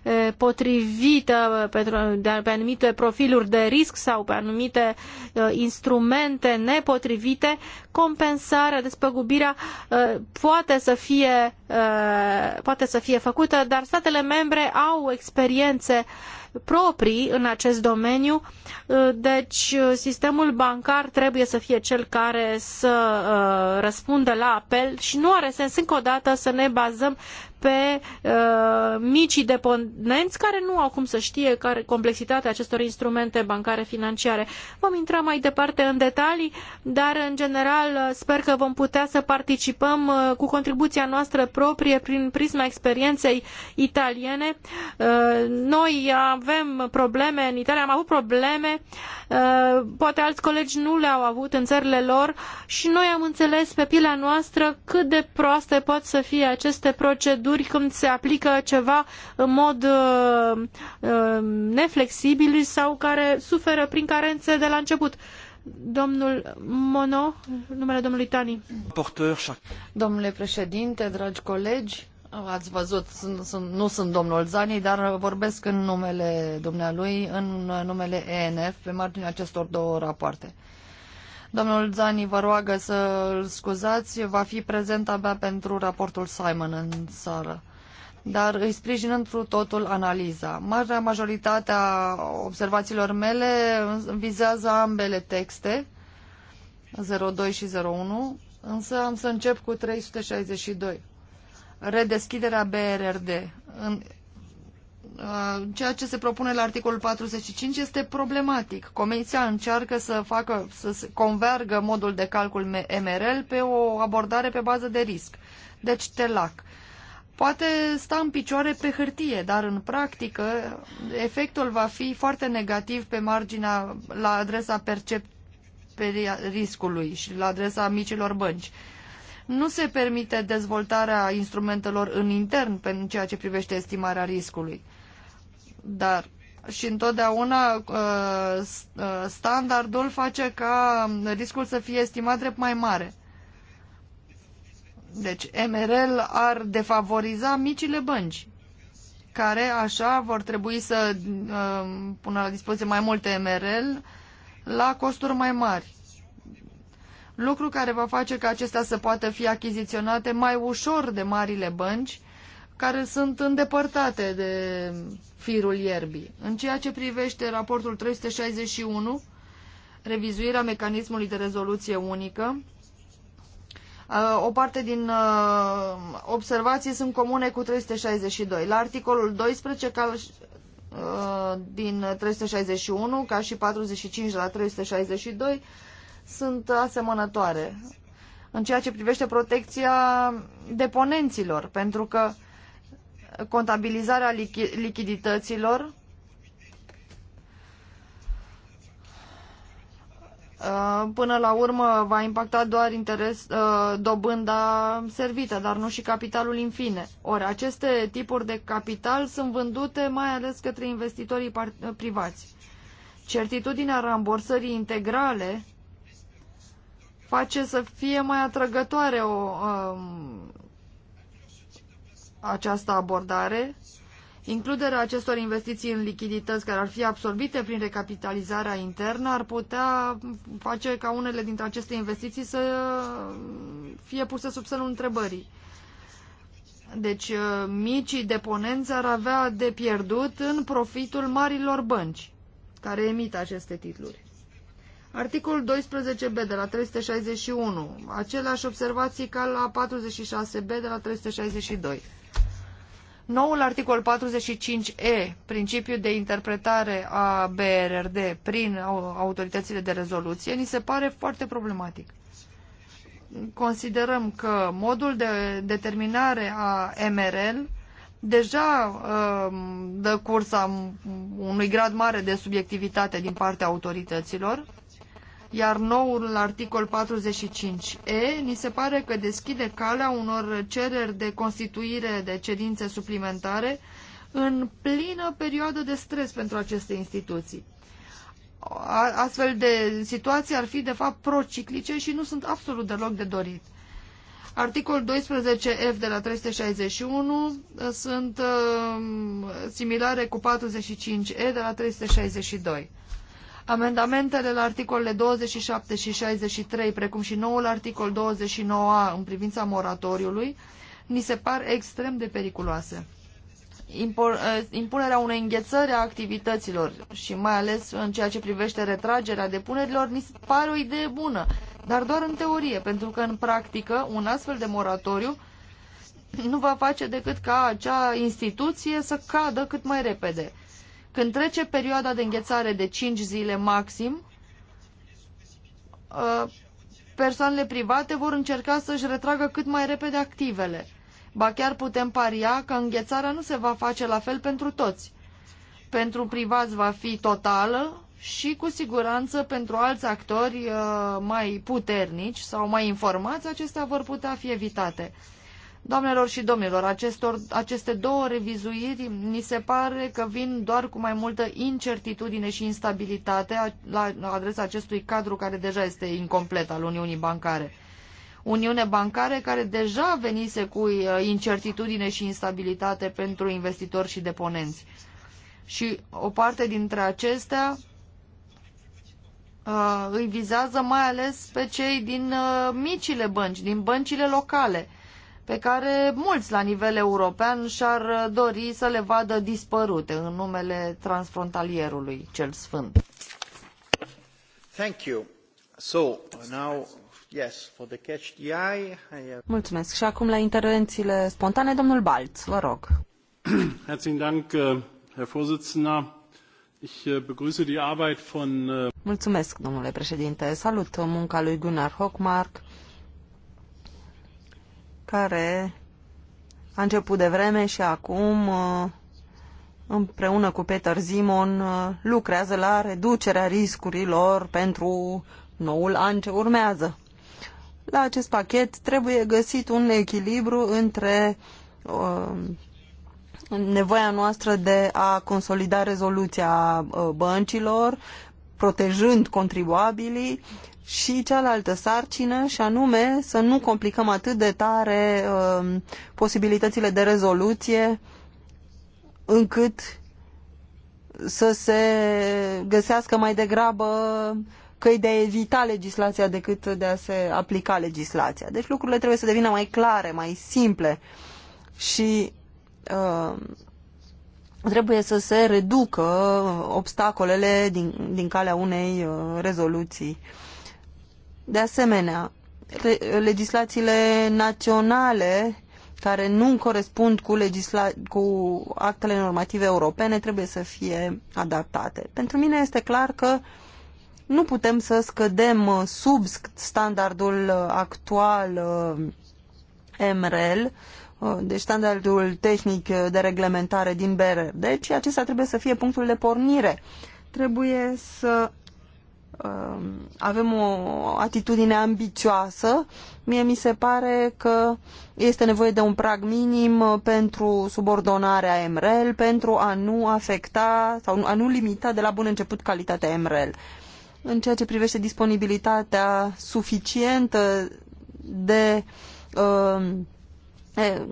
nepotrivită pentru, pe anumite profiluri de risc sau pe anumite uh, instrumente nepotrivite, compensarea, despăgubirea uh, poate să fie, uh, poate să fie făcută, dar statele membre au experiențe uh, proprii în acest domeniu, uh, deci uh, sistemul bancar trebuie să fie cel care să uh, răspundă la apel și nu are sens încă o dată să ne bazăm pe uh, micii deponenți care nu au cum să știe care complexitatea acestor instrumente bancare financiare. Vom intra mai departe în detalii, dar în general uh, sper că vom putea să participăm uh, cu contribuția noastră proprie prin prisma experienței italiene. Uh, noi avem probleme în Italia, am avut probleme, uh, poate alți colegi nu le-au avut în țările lor și noi am înțeles pe pielea noastră cât de proaste pot să fie aceste proceduri proceduri când se aplică ceva în mod uh, uh, neflexibil sau care suferă prin carențe de la început. Domnul Mono, numele domnului Tani. Domnule președinte, dragi colegi, ați văzut, sunt, sunt, nu sunt domnul Zani, dar vorbesc în numele dumnealui, în numele ENF, pe marginea acestor două rapoarte. Uh, Domnul Zani vă roagă să îl scuzați, va fi prezent abia pentru raportul Simon în sală dar îi sprijin întru totul analiza. Marea majoritate a observațiilor mele vizează ambele texte, 02 și 01, însă am să încep cu 362. Redeschiderea BRRD. Uh, ceea ce se propune la articolul 45 este problematic. Comisia încearcă să facă, să convergă modul de calcul MRL pe o abordare pe bază de risc, deci TELAC. Poate sta în picioare pe hârtie, dar în practică efectul va fi foarte negativ pe marginea la adresa percepției riscului și la adresa micilor bănci nu se permite dezvoltarea instrumentelor în intern în ceea ce privește estimarea riscului. Dar și întotdeauna uh, uh, standardul face ca riscul să fie estimat drept mai mare. Deci MRL ar defavoriza micile bănci, care așa vor trebui să uh, pună la dispoziție mai multe MRL la costuri mai mari. Lucru care va face ca acestea să poată fi achiziționate mai ușor de marile bănci, care sunt îndepărtate de firul ierbii. În ceea ce privește raportul 361, revizuirea mecanismului de rezoluție unică, o parte din observații sunt comune cu 362. La articolul 12 ca, din 361, ca și 45 la 362, sunt asemănătoare în ceea ce privește protecția deponenților, pentru că uh, contabilizarea lichi lichidităților, uh, Până la urmă va impacta doar interes, uh, dobânda servită, dar nu și capitalul în fine. Ori aceste tipuri de capital sunt vândute mai ales către investitorii uh, privați. Certitudinea rambursării integrale face să fie mai atrăgătoare o um, această abordare, includerea acestor investiții în lichidități care ar fi absorbite prin recapitalizarea internă ar putea face ca unele dintre aceste investiții să fie puse sub semnul întrebării. Deci uh, micii deponenți ar avea de pierdut în profitul marilor bănci care emit aceste titluri. Articolul 12b de la 361. Aceleași observații ca la 46b de la 362. Noul articol 45e, principiul de interpretare a BRRD prin autoritățile de rezoluție, ni se pare foarte problematic. Considerăm că modul de determinare a MRL deja um, dă cursa unui grad mare de subiectivitate din partea autorităților iar noul articol 45e ni se pare că deschide calea unor cereri de constituire de cedințe suplimentare în plină perioadă de stres pentru aceste instituții. Astfel de situații ar fi, de fapt, prociclice și nu sunt absolut deloc de dorit. Articolul 12F de la 361 ă, sunt uh, similare cu 45E de la 362. Amendamentele la articolele 27 și 63, precum și noul articol 29a în privința moratoriului, ni se par extrem de periculoase. Eh, impunerea unei înghețări a activităților și mai ales în ceea ce privește retragerea depunerilor, ni se pare o idee bună, dar doar în teorie, pentru că în practică un astfel de moratoriu nu va face decât ca acea instituție să cadă cât mai repede. Când trece perioada de înghețare de 5 zile maxim, ă, persoanele private vor încerca să-și retragă cât mai repede activele. Ba chiar putem paria că înghețarea nu se va face la fel pentru toți. Pentru privați va fi totală și cu siguranță pentru alți actori ă, mai puternici sau mai informați, acestea vor putea fi evitate. Doamnelor și domnilor, acestor, aceste două revizuiri ni se pare că vin doar cu mai multă incertitudine și instabilitate la adresa acestui cadru care deja este incomplet al Uniunii Bancare. Uniune bancare care deja venise cu uh, incertitudine și instabilitate pentru investitori și deponenți. Și o parte dintre acestea uh, îi vizează mai ales pe cei din uh, micile bănci, din băncile locale pe care mulți la nivel european și-ar uh, dori să le vadă dispărute în numele transfrontalierului cel sfânt. Thank you. So, now, yes, for the catch the eye, have... Mulțumesc. Și acum la intervențiile spontane, domnul Balț, vă rog. *clears throat* Herzlichen Dank, äh, Herr Vorsitzender. Ich äh, begrüße die Arbeit von... Äh Mulțumesc, domnule președinte. Salut munca lui Gunnar Hochmark care a început de vreme și acum uh, împreună cu Peter Zimon uh, lucrează la reducerea riscurilor pentru noul an ce urmează. La acest pachet trebuie găsit un echilibru între uh, nevoia noastră de a consolida rezoluția băncilor, protejând contribuabilii și cealaltă sarcină, și anume să nu complicăm atât de tare uh, posibilitățile de rezoluție încât să se găsească mai degrabă căi de a evita legislația decât de a se aplica legislația. Deci lucrurile trebuie să devină mai clare, mai simple și uh, trebuie să se reducă obstacolele din, din calea unei uh, rezoluții uh, de asemenea, legislațiile naționale care nu corespund cu, legisla- cu actele normative europene trebuie să fie adaptate. Pentru mine este clar că nu putem să scădem sub standardul actual uh, MRL, uh, deci standardul tehnic de reglementare din BRD, Deci acesta trebuie să fie punctul de pornire. Trebuie să Um, avem o atitudine ambițioasă. Mie mi se pare că este nevoie de un prag minim uh, pentru subordonarea MREL, pentru a nu afecta sau a nu limita de la bun început calitatea MREL. În ceea ce privește disponibilitatea suficientă de uh,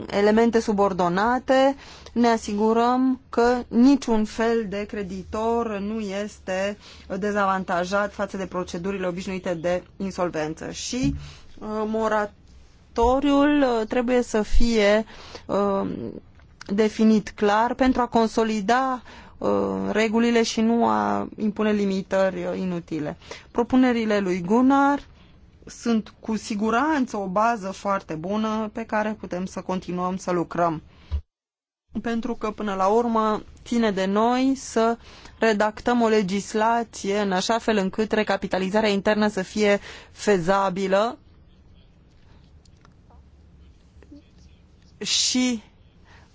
elemente subordonate, ne asigurăm că niciun fel de creditor nu este dezavantajat față de procedurile obișnuite de insolvență și moratoriul trebuie să fie definit clar pentru a consolida regulile și nu a impune limitări inutile. Propunerile lui Gunnar sunt cu siguranță o bază foarte bună pe care putem să continuăm să lucrăm. Pentru că, până la urmă, ține de noi să redactăm o legislație în așa fel încât recapitalizarea internă să fie fezabilă și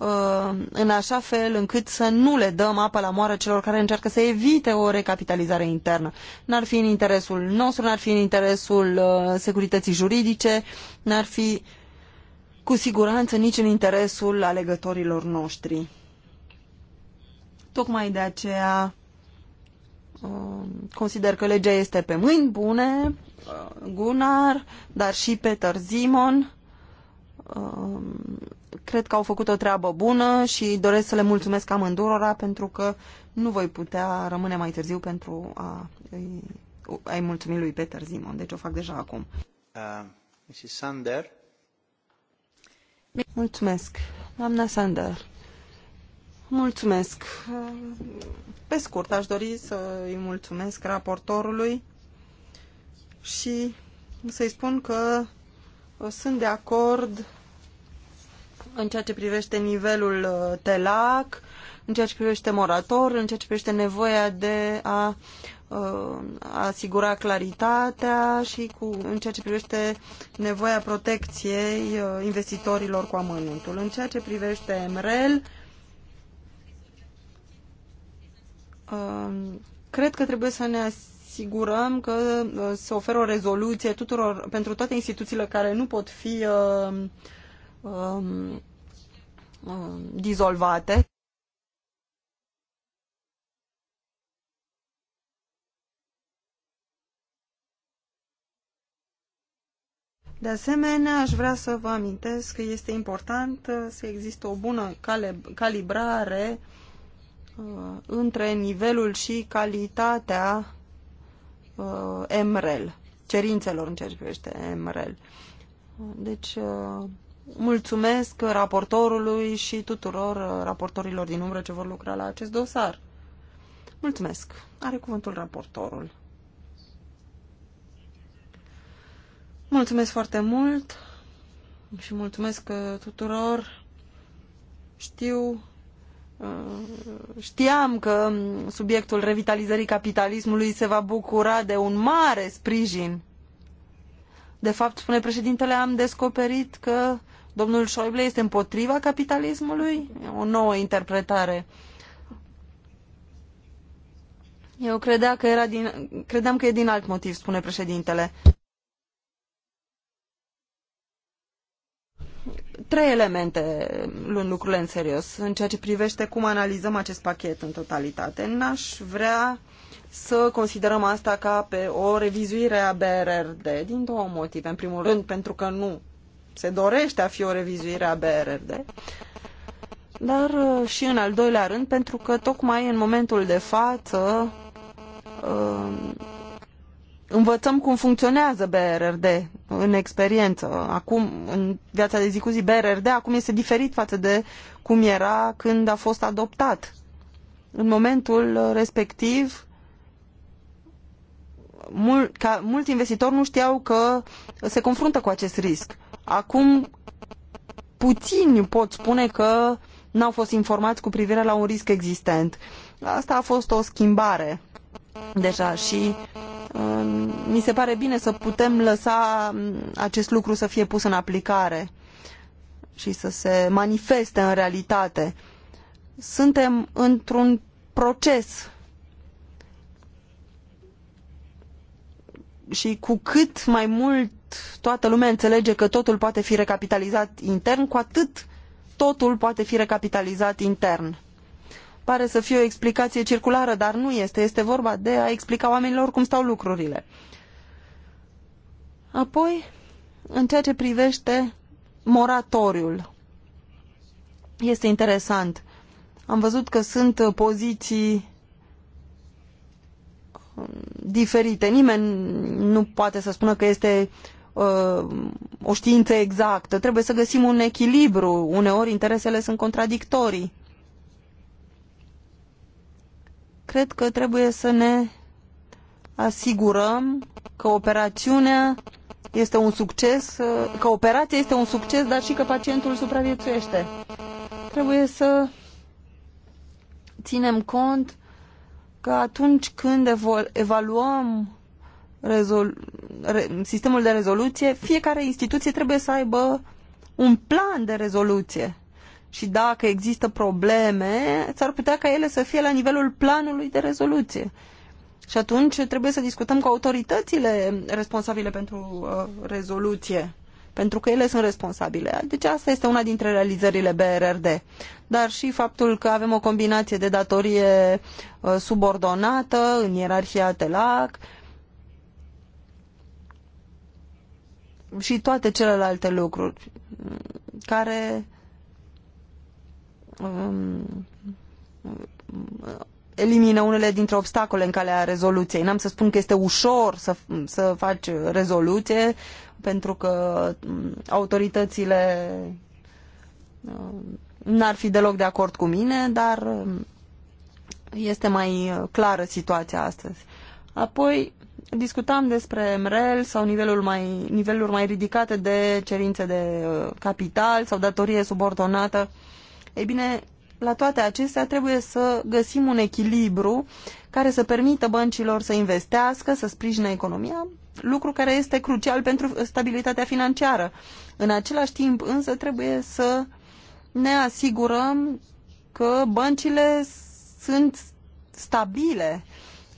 Uh, în așa fel încât să nu le dăm apă la moară celor care încearcă să evite o recapitalizare internă. N-ar fi în interesul nostru, n-ar fi în interesul uh, securității juridice, n-ar fi cu siguranță nici în interesul alegătorilor noștri. Tocmai de aceea uh, consider că legea este pe mâini bune, Gunnar, dar și Peter Zimon, Um, cred că au făcut o treabă bună și doresc să le mulțumesc amândurora pentru că nu voi putea rămâne mai târziu pentru a îi, mulțumit lui Peter Zimon, deci o fac deja acum. Uh, Mrs. Sander. Mulțumesc, doamna Sander. Mulțumesc. Pe scurt, aș dori să îi mulțumesc raportorului și să-i spun că sunt de acord în ceea ce privește nivelul uh, TELAC, în ceea ce privește morator, în ceea ce privește nevoia de a, uh, a asigura claritatea și cu, în ceea ce privește nevoia protecției uh, investitorilor cu amănuntul. În ceea ce privește MREL, cred că trebuie să ne asigurăm că se oferă o rezoluție tuturor, pentru toate instituțiile care nu pot fi uh, um, um, dizolvate. De asemenea, aș vrea să vă amintesc că este important uh, să existe o bună calibrare uh, între nivelul și calitatea uh, MREL, cerințelor în ceea ce privește MREL. Deci, mulțumesc raportorului și tuturor uh, raportorilor din umbră ce vor lucra la acest dosar. Mulțumesc. Are cuvântul raportorul. Mulțumesc foarte mult și mulțumesc uh, tuturor. Știu, uh, știam că um, subiectul revitalizării capitalismului se va bucura de un mare sprijin. De fapt, spune președintele, am descoperit că Domnul Schäuble este împotriva capitalismului? O nouă interpretare. Eu credea că era din, credeam că e din alt motiv, spune președintele. Trei elemente luând lucrurile în serios în ceea ce privește cum analizăm acest pachet în totalitate. N-aș vrea să considerăm asta ca pe o revizuire a BRRD din două motive. În primul rând, pentru că nu se dorește a fi o revizuire a BRRD, dar uh, și în al doilea rând pentru că tocmai în momentul de față uh, învățăm cum funcționează BRRD în experiență. Acum, în viața de zi cu zi, BRRD acum este diferit față de cum era când a fost adoptat. În momentul respectiv, mul, ca, mulți investitori nu știau că se confruntă cu acest risc. Acum puțini pot spune că n-au fost informați cu privire la un risc existent. Asta a fost o schimbare deja și uh, mi se pare bine să putem lăsa mm, acest lucru să fie pus în aplicare și să se manifeste în realitate. Suntem într-un proces și cu cât mai mult toată lumea înțelege că totul poate fi recapitalizat intern, cu atât totul poate fi recapitalizat intern. Pare să fie o explicație circulară, dar nu este. Este vorba de a explica oamenilor cum stau lucrurile. Apoi, în ceea ce privește moratoriul, este interesant. Am văzut că sunt poziții diferite. Nimeni nu poate să spună că este Uh, o știință exactă. Trebuie să găsim un echilibru. Uneori interesele sunt contradictorii. Cred că trebuie să ne asigurăm că operațiunea este un succes, uh, că operația este un succes, dar și că pacientul supraviețuiește. Trebuie să ținem cont că atunci când evaluăm rezol, re, sistemul de rezoluție, fiecare instituție trebuie să aibă un plan de rezoluție. Și dacă există probleme, s-ar putea ca ele să fie la nivelul planului de rezoluție. Și atunci trebuie să discutăm cu autoritățile responsabile pentru uh, rezoluție, pentru că ele sunt responsabile. Deci asta este una dintre realizările BRRD. Dar și faptul că avem o combinație de datorie uh, subordonată în ierarhia TELAC, uh, și toate celelalte lucruri care um, elimină unele dintre obstacole în calea rezoluției. N-am să spun că este ușor să, să faci rezoluție, pentru că um, autoritățile um, n-ar fi deloc de acord cu mine, dar este mai uh, clară situația astăzi. Apoi, discutam despre MREL sau nivelul mai, niveluri mai ridicate de cerințe de uh, capital sau datorie subordonată. Ei bine, la toate acestea trebuie să găsim un echilibru care să permită băncilor să investească, să sprijine economia, lucru care este crucial pentru stabilitatea financiară. În același timp însă trebuie să ne asigurăm că băncile sunt stabile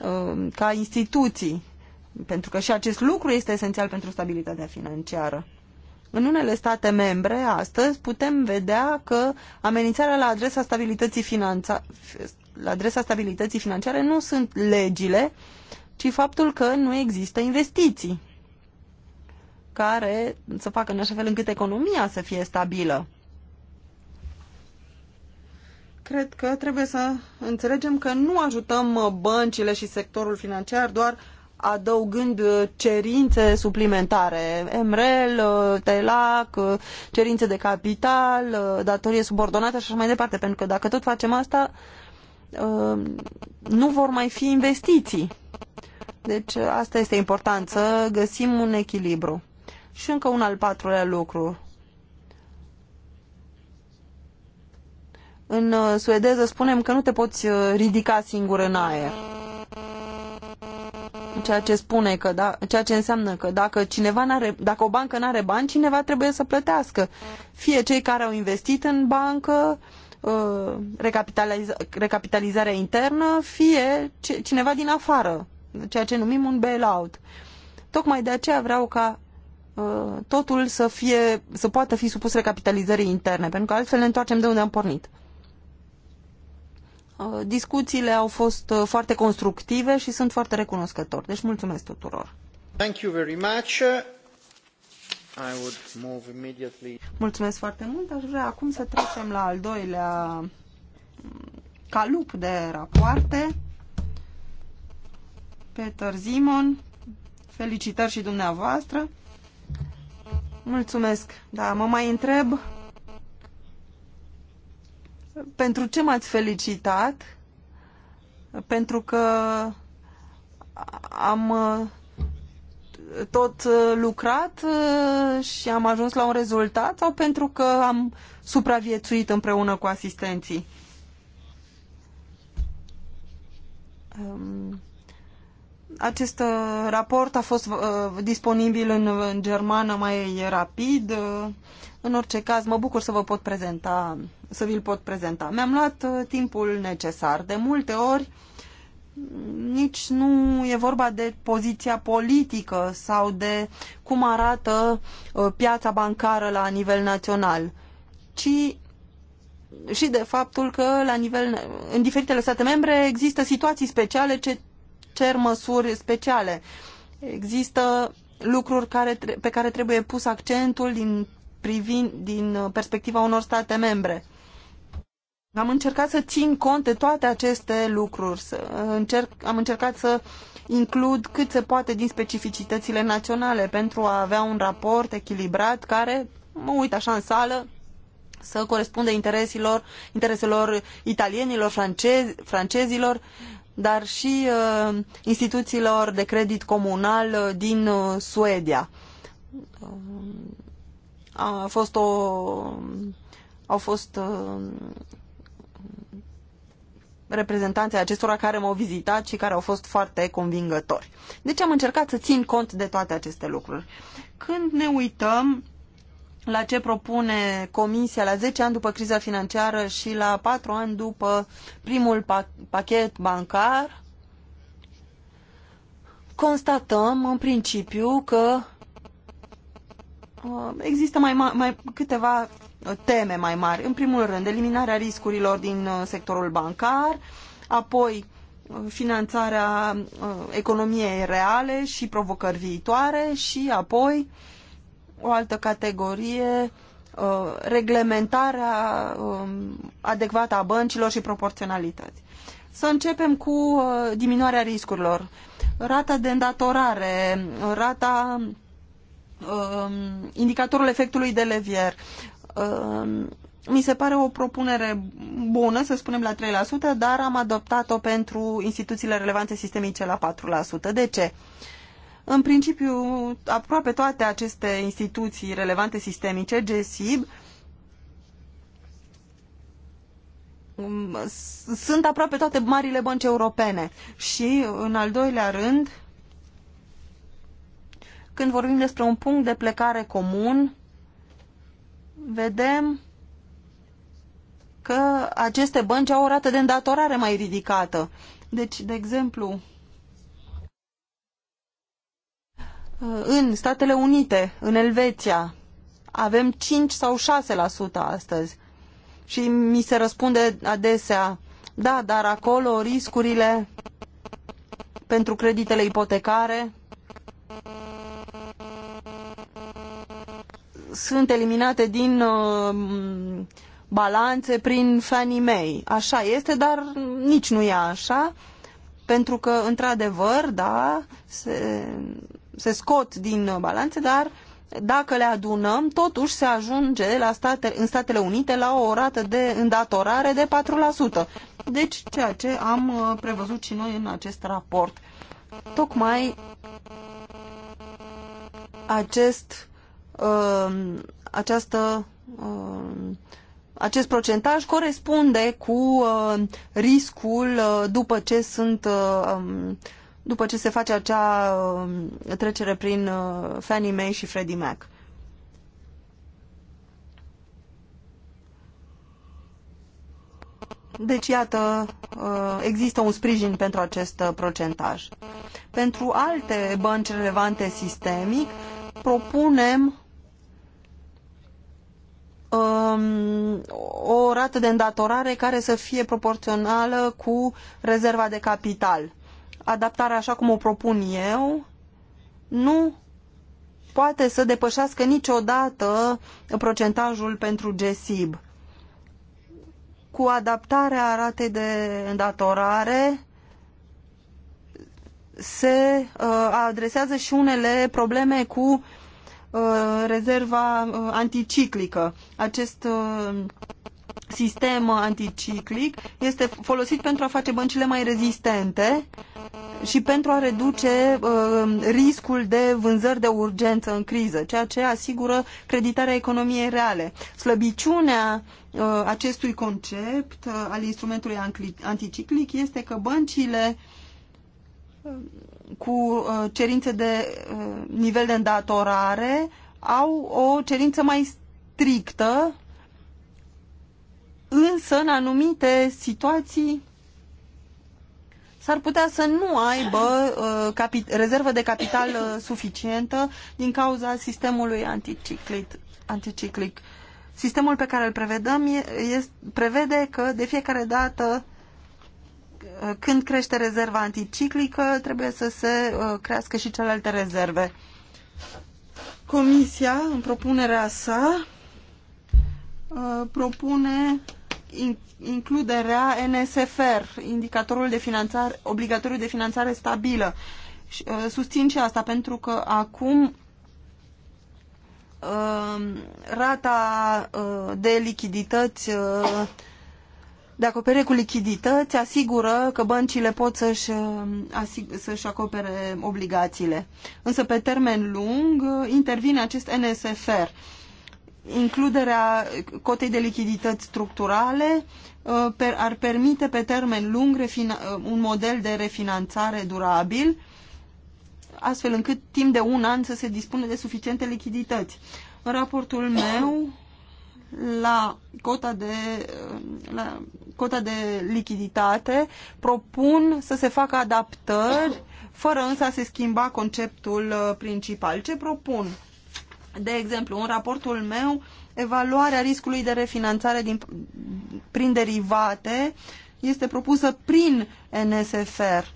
uh, ca instituții pentru că și acest lucru este esențial pentru stabilitatea financiară. În unele state membre, astăzi, putem vedea că amenințarea la adresa stabilității, finanța, la adresa stabilității financiare nu sunt legile, ci faptul că nu există investiții care să facă în așa fel încât economia să fie stabilă. Cred că trebuie să înțelegem că nu ajutăm băncile și sectorul financiar doar adăugând uh, cerințe suplimentare, MREL, uh, TELAC, uh, cerințe de capital, datorie subordonată și așa mai departe, pentru că dacă tot facem asta, nu vor mai fi investiții. Deci asta este important, să găsim un echilibru. Și încă un al patrulea lucru. În suedeză spunem că nu te poți ridica singur în aer. Ceea ce spune că da, ceea ce înseamnă că dacă cineva n-are, dacă o bancă nu are bani, cineva trebuie să plătească. Fie cei care au investit în bancă, uh, recapitaliza, recapitalizarea internă, fie cineva din afară, ceea ce numim un bailout. Tocmai de aceea vreau ca uh, totul să, fie, să poată fi supus recapitalizării interne, pentru că altfel ne întoarcem de unde am pornit. Uh, discuțiile au fost uh, foarte constructive și sunt foarte recunoscător. Deci mulțumesc tuturor. Thank you very much. I would move immediately. Mulțumesc foarte mult. Aș vrea acum să trecem la al doilea mm, calup de rapoarte. Peter Zimon, felicitări și dumneavoastră. Mulțumesc. Da, mă mai întreb pentru ce m-ați felicitat? Pentru că am uh, tot uh, lucrat uh, și am ajuns la un rezultat sau pentru că am supraviețuit împreună cu asistenții? Um, acest raport a fost disponibil în germană mai rapid. În orice caz, mă bucur să vă pot prezenta să vi-l pot prezenta. Mi-am luat uh, timpul necesar. De multe ori nici nu e vorba de poziția politică sau de cum arată uh, piața bancară la nivel național, ci și de faptul că la nivel, în diferitele state membre există situații speciale ce cer măsuri speciale. Există lucruri care, pe care trebuie pus accentul din, privin, din perspectiva unor state membre. Am încercat să țin cont de toate aceste lucruri. Încerc, am încercat să includ cât se poate din specificitățile naționale pentru a avea un raport echilibrat care, mă uit așa în sală, să corespundă intereselor, intereselor italienilor, francez, francezilor, dar și uh, instituțiilor de credit comunal uh, din uh, Suedia. Uh, a fost o, au fost uh, reprezentanții acestora care m-au vizitat și care au fost foarte convingători. Deci am încercat să țin cont de toate aceste lucruri. Când ne uităm la ce propune Comisia la 10 ani după criza financiară și la 4 ani după primul pachet bancar, constatăm în principiu că uh, există mai, mai câteva teme mai mari. În primul rând, eliminarea riscurilor din uh, sectorul bancar, apoi uh, finanțarea uh, economiei reale și provocări viitoare și apoi o altă categorie, reglementarea um, adecvată a băncilor și proporționalități. Să începem cu diminuarea riscurilor. Rata de îndatorare, rata um, indicatorul efectului de levier, Ehm, mi se pare o propunere bună, să spunem la 3%, dar am adoptat-o pentru instituțiile relevante sistemice la 4%. De ce? În principiu, aproape toate aceste instituții relevante sistemice, GSIB, um, sunt aproape toate marile bănci europene. Și, în al doilea rând, când vorbim despre un punct de plecare comun, vedem că aceste bănci au o rată de îndatorare mai ridicată. Deci, de exemplu, în Statele Unite, în Elveția, avem 5 sau 6% astăzi. Și mi se răspunde adesea, da, dar acolo riscurile pentru creditele ipotecare sunt eliminate din uh, balanțe prin Fannie Mae. Așa este, dar nici nu e așa, pentru că, într-adevăr, da, se, se scot din balanțe, dar dacă le adunăm, totuși se ajunge la state, în Statele Unite la o rată de îndatorare de 4%. Deci, ceea ce am uh, prevăzut și noi în acest raport. Tocmai acest Um, această um, acest procentaj corespunde cu um, riscul uh, după ce sunt uh, după ce se face acea trecere prin uh, Fannie Mae și Freddie Mac. Deci, iată, există un sprijin pentru acest procentaj. Pentru alte bănci relevante sistemic, propunem um, o rată de îndatorare care să fie proporțională cu rezerva de capital. Adaptarea, așa cum o propun eu, nu poate să depășească niciodată procentajul pentru GSIB. Cu adaptarea ratei de îndatorare se uh, adresează și unele probleme cu Uh, rezerva uh, anticiclică. Acest uh, sistem anticiclic este folosit pentru a face băncile mai rezistente și pentru a reduce riscul de vânzări de urgență în criză, ceea ce asigură creditarea economiei reale. Slăbiciunea acestui concept al instrumentului anticiclic este că băncile cu uh, cerințe de uh, nivel de îndatorare au o cerință mai strictă, însă în anumite situații s-ar putea să nu aibă uh, rezervă de capital uh, suficientă din cauza sistemului anticiclit, anticiclic. Sistemul pe care îl prevedem e, e, prevede că de fiecare dată când crește rezerva anticiclică, trebuie să se uh, crească și celelalte rezerve. Comisia, în propunerea sa, uh, propune includerea NSFR, indicatorul de finanțare, obligatoriu de finanțare stabilă. Uh, susțin și asta pentru că acum rata de lichidități de acopere cu lichidități asigură că băncile pot să-și, uh, să-și acopere obligațiile. Însă pe termen lung intervine acest NSFR, includerea cotei de lichidități structurale uh, ar permite pe termen lung uh, un model de refinanțare durabil, astfel încât timp de un an să se dispune de suficiente lichidități. În raportul meu la cota de, la cota de lichiditate, propun să se facă adaptări, fără însă a se schimba conceptul uh, principal. Ce propun? De exemplu, în raportul meu, evaluarea riscului de refinanțare din, prin derivate este propusă prin NSFR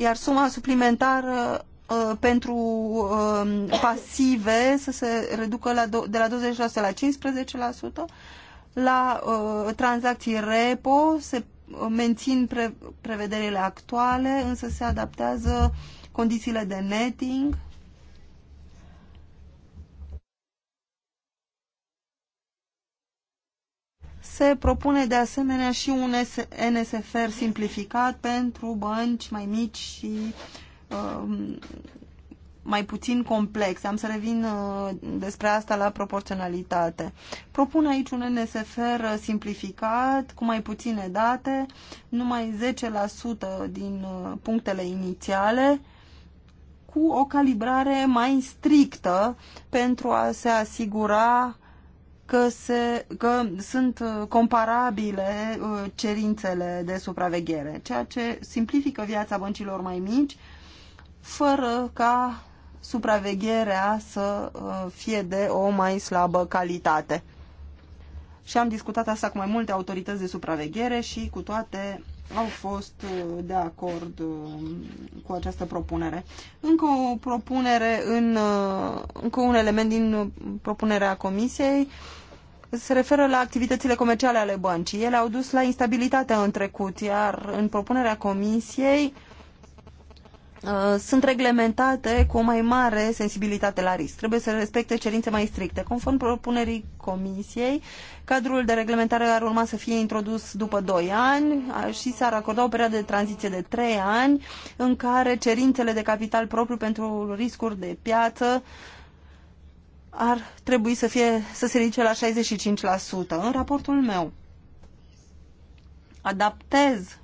iar suma suplimentară uh, pentru um, pasive să se reducă la de la 20% la 15%, la uh, tranzacții repo se uh, mențin pre prevederile actuale, însă se adaptează condițiile de netting Se propune de asemenea și un NSFR simplificat pentru bănci mai mici și um, mai puțin complexe. Am să revin uh, despre asta la proporționalitate. Propun aici un NSFR simplificat, cu mai puține date, numai 10% din uh, punctele inițiale, cu o calibrare mai strictă pentru a se asigura că, se, că sunt uh, comparabile uh, cerințele de supraveghere, ceea ce simplifică viața băncilor mai mici, fără ca supravegherea să uh, fie de o mai slabă calitate. Și am discutat asta cu mai multe autorități de supraveghere și cu toate au fost uh, de acord uh, cu această propunere. Încă o propunere în, uh, încă un element din propunerea comisiei se referă la activitățile comerciale ale băncii. Ele au dus la instabilitatea în trecut, iar în propunerea comisiei Uh, sunt reglementate cu o mai mare sensibilitate la risc. Trebuie să respecte cerințe mai stricte. Conform propunerii Comisiei, cadrul de reglementare ar urma să fie introdus după 2 ani și s-ar acorda o perioadă de tranziție de 3 ani în care cerințele de capital propriu pentru riscuri de piață ar trebui să, fie, să se ridice la 65%. În raportul meu adaptez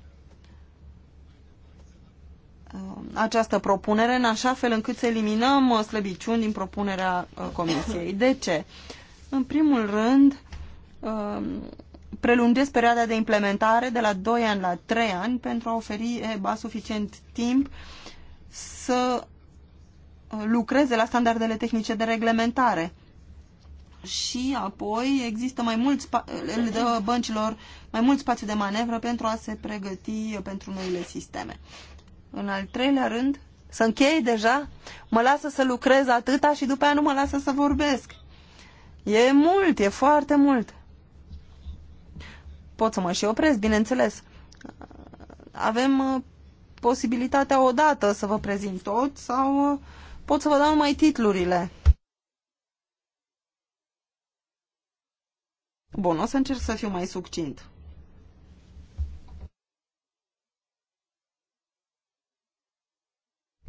Uh, această propunere în așa fel încât să eliminăm uh, slăbiciuni din propunerea uh, Comisiei. De ce? În primul rând, prelungesc perioada de implementare de la 2 ani la 3 ani pentru a oferi EBA suficient timp să lucreze la standardele tehnice de reglementare. Și apoi există mai mult le dă băncilor mai mult spațiu de manevră pentru a se pregăti pentru noile sisteme. În al treilea rând, să închei deja, mă lasă să lucrez atâta și după aia nu mă lasă să vorbesc. E mult, e foarte mult. Pot să mă și opresc, bineînțeles. Avem uh, posibilitatea odată să vă prezint tot sau uh, pot să vă dau mai titlurile. Bun, o să încerc să fiu mai succint.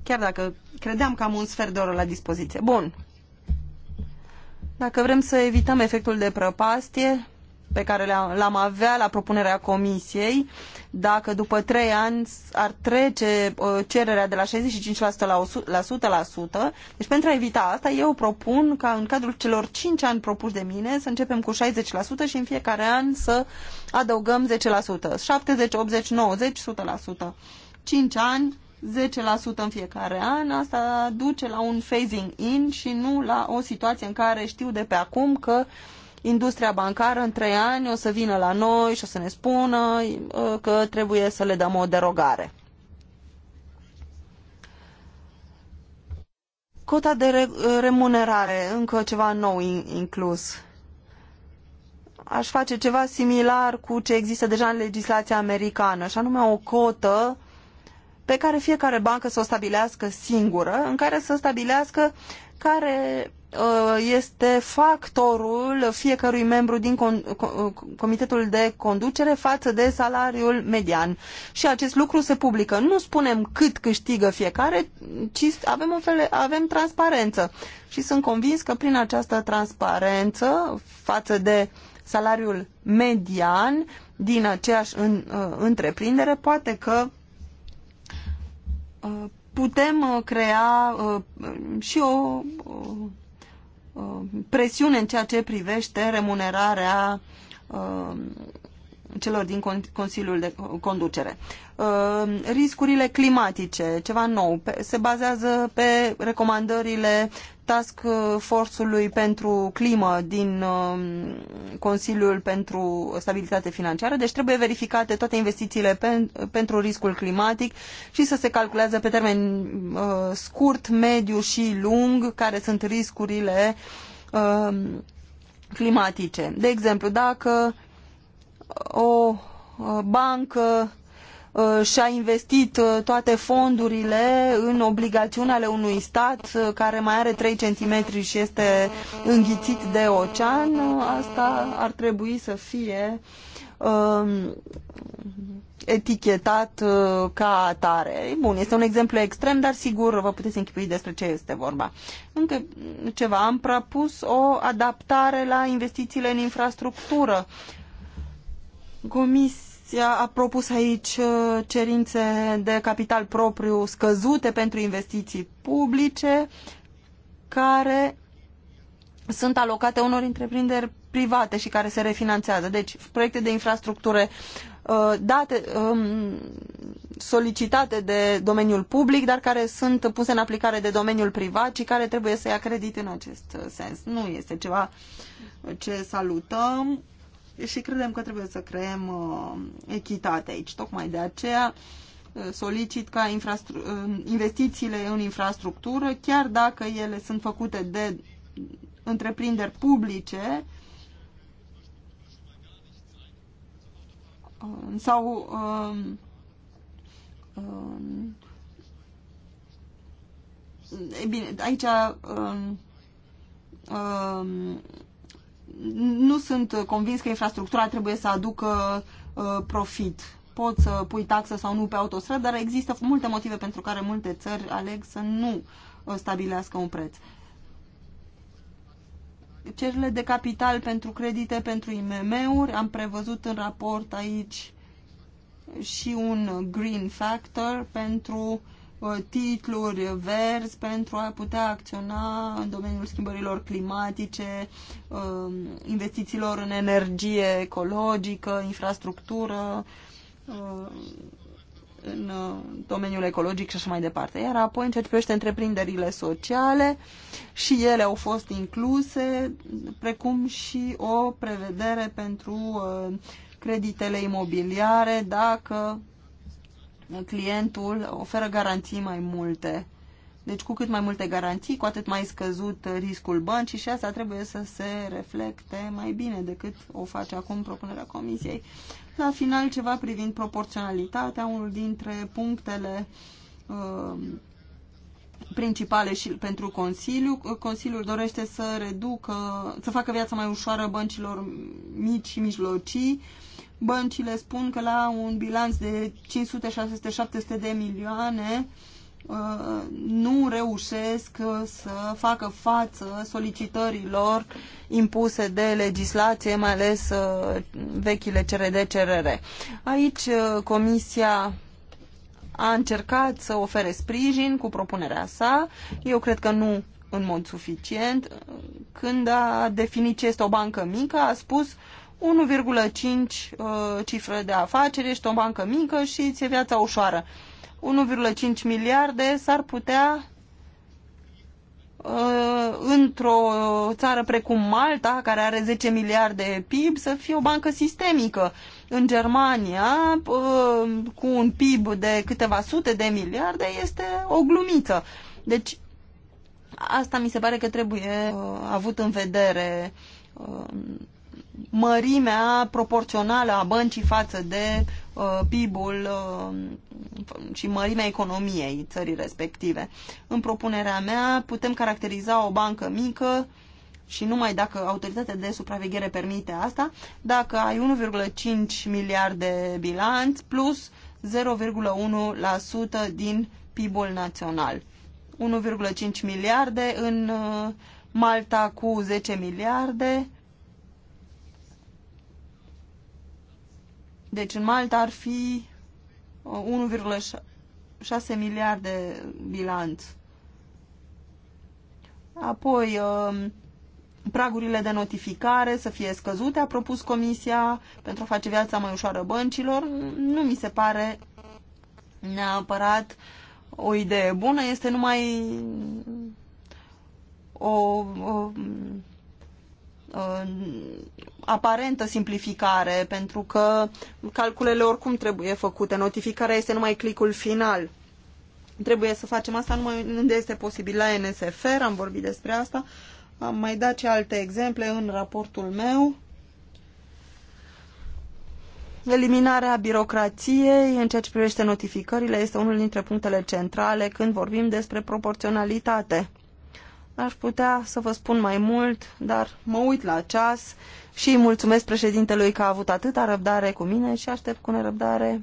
Chiar dacă credeam că am un sfert de oră la dispoziție. Bun. Dacă vrem să evităm efectul de prăpastie pe care l-am avea la propunerea comisiei, dacă după trei ani ar trece uh, cererea de la 65% la 100%, la 100%, deci pentru a evita asta, eu propun ca în cadrul celor cinci ani propuși de mine să începem cu 60% și în fiecare an să adăugăm 10%, 70, 80, 90, 100%. 5 ani 10% în fiecare an, asta duce la un phasing in și nu la o situație în care știu de pe acum că industria bancară în 3 ani o să vină la noi și o să ne spună uh, că trebuie să le dăm o derogare. Cota de remunerare, încă ceva nou inclus. Aș face ceva similar cu ce există deja în legislația americană, și anume o cotă pe care fiecare bancă să o stabilească singură, în care să stabilească care uh, este factorul fiecărui membru din comitetul de conducere față de salariul median. Și acest lucru se publică. Nu spunem cât câștigă fiecare, ci avem, un fel, avem transparență. Și sunt convins că prin această transparență față de salariul median din aceeași în, uh, întreprindere, poate că putem uh, crea uh, și o uh, presiune în ceea ce privește remunerarea celor din Consiliul de Conducere. Uh, riscurile climatice, ceva nou, se bazează pe recomandările Task Force-ului pentru Climă din uh, Consiliul pentru Stabilitate Financiară, deci trebuie verificate toate investițiile pentru riscul climatic și să se calculează pe termen uh, scurt, mediu și lung care sunt riscurile climatice. De exemplu, dacă o bancă uh, și-a investit uh, toate fondurile în obligațiuni ale unui stat uh, care mai are 3 centimetri și este înghițit de ocean, asta ar trebui să fie um, etichetat ca atare. Bun, este un exemplu extrem, dar sigur vă puteți închipui despre ce este vorba. Încă ceva, am propus o adaptare la investițiile în infrastructură. Comisia a propus aici uh, cerințe de capital propriu scăzute pentru investiții publice care sunt alocate unor întreprinderi private și care se refinanțează. Deci proiecte de infrastructură uh, date, um, solicitate de domeniul public, dar care sunt puse în aplicare de domeniul privat și care trebuie să ia credit în acest uh, sens. Nu este ceva ce salutăm și credem că trebuie să creăm uh, echitate aici. Tocmai de aceea uh, solicit ca uh, investițiile în infrastructură, chiar dacă ele sunt făcute de întreprinderi publice sau um, um, e bine, aici um, um, nu sunt convins că infrastructura trebuie să aducă uh, profit. Poți să pui taxă sau nu pe autostradă, dar există multe motive pentru care multe țări aleg să nu uh, stabilească un preț. Cerile de capital pentru credite pentru IMM-uri, am prevăzut în raport aici și un green factor pentru uh, Uh, titluri verzi pentru a putea acționa în domeniul schimbărilor climatice, uh, investițiilor în energie ecologică, infrastructură, uh, în domeniul ecologic și așa mai departe. Iar apoi, în ceea ce privește întreprinderile sociale, și ele au fost incluse, precum și o prevedere pentru creditele imobiliare, dacă clientul oferă garanții mai multe. Deci cu cât mai multe garanții, cu atât mai scăzut riscul băncii și asta trebuie să se reflecte mai bine decât o face acum propunerea comisiei. La final, ceva privind proporționalitatea, unul dintre punctele um, principale și pentru Consiliu. Consiliul dorește să reducă, să facă viața mai ușoară băncilor mici și mijlocii, Băncile spun că la un bilanț de 500, 600, 700 de milioane uh, nu reușesc uh, să facă față solicitărilor impuse de legislație, mai ales uh, vechile CRD-CRR. Aici Comisia a încercat să ofere sprijin cu propunerea sa. Eu cred că nu în mod suficient. Când a definit ce este o bancă mică, a spus 1,5 uh, cifră de afaceri, ești o bancă mică și ți-e viața ușoară. 1,5 miliarde s-ar putea uh, într-o țară precum Malta, care are 10 miliarde PIB, să fie o bancă sistemică. În Germania, uh, cu un PIB de câteva sute de miliarde, este o glumiță. Deci, asta mi se pare că trebuie uh, avut în vedere uh, mărimea proporțională a băncii față de uh, PIB-ul uh, și mărimea economiei țării respective. În propunerea mea putem caracteriza o bancă mică și numai dacă autoritatea de supraveghere permite asta, dacă ai 1,5 miliarde bilanț plus 0,1% din PIB-ul național. 1,5 miliarde în uh, Malta cu 10 miliarde, Deci în Malta ar fi 1,6 uh, miliarde bilanț. Apoi, um, pragurile de notificare să fie scăzute, a propus Comisia pentru a face viața mai ușoară băncilor. Nu mi se pare neapărat o idee bună, este numai o, o, o, uh, aparentă simplificare, pentru că calculele oricum trebuie făcute. Notificarea este numai clicul final. Trebuie să facem asta numai unde este posibil la NSFR, am vorbit despre asta. Am mai dat și alte exemple în raportul meu. Eliminarea birocrației în ceea ce privește notificările este unul dintre punctele centrale când vorbim despre proporționalitate. Aș putea să vă spun mai mult, dar mă uit la ceas și îi mulțumesc președintelui că a avut atâta răbdare cu mine și aștept cu nerăbdare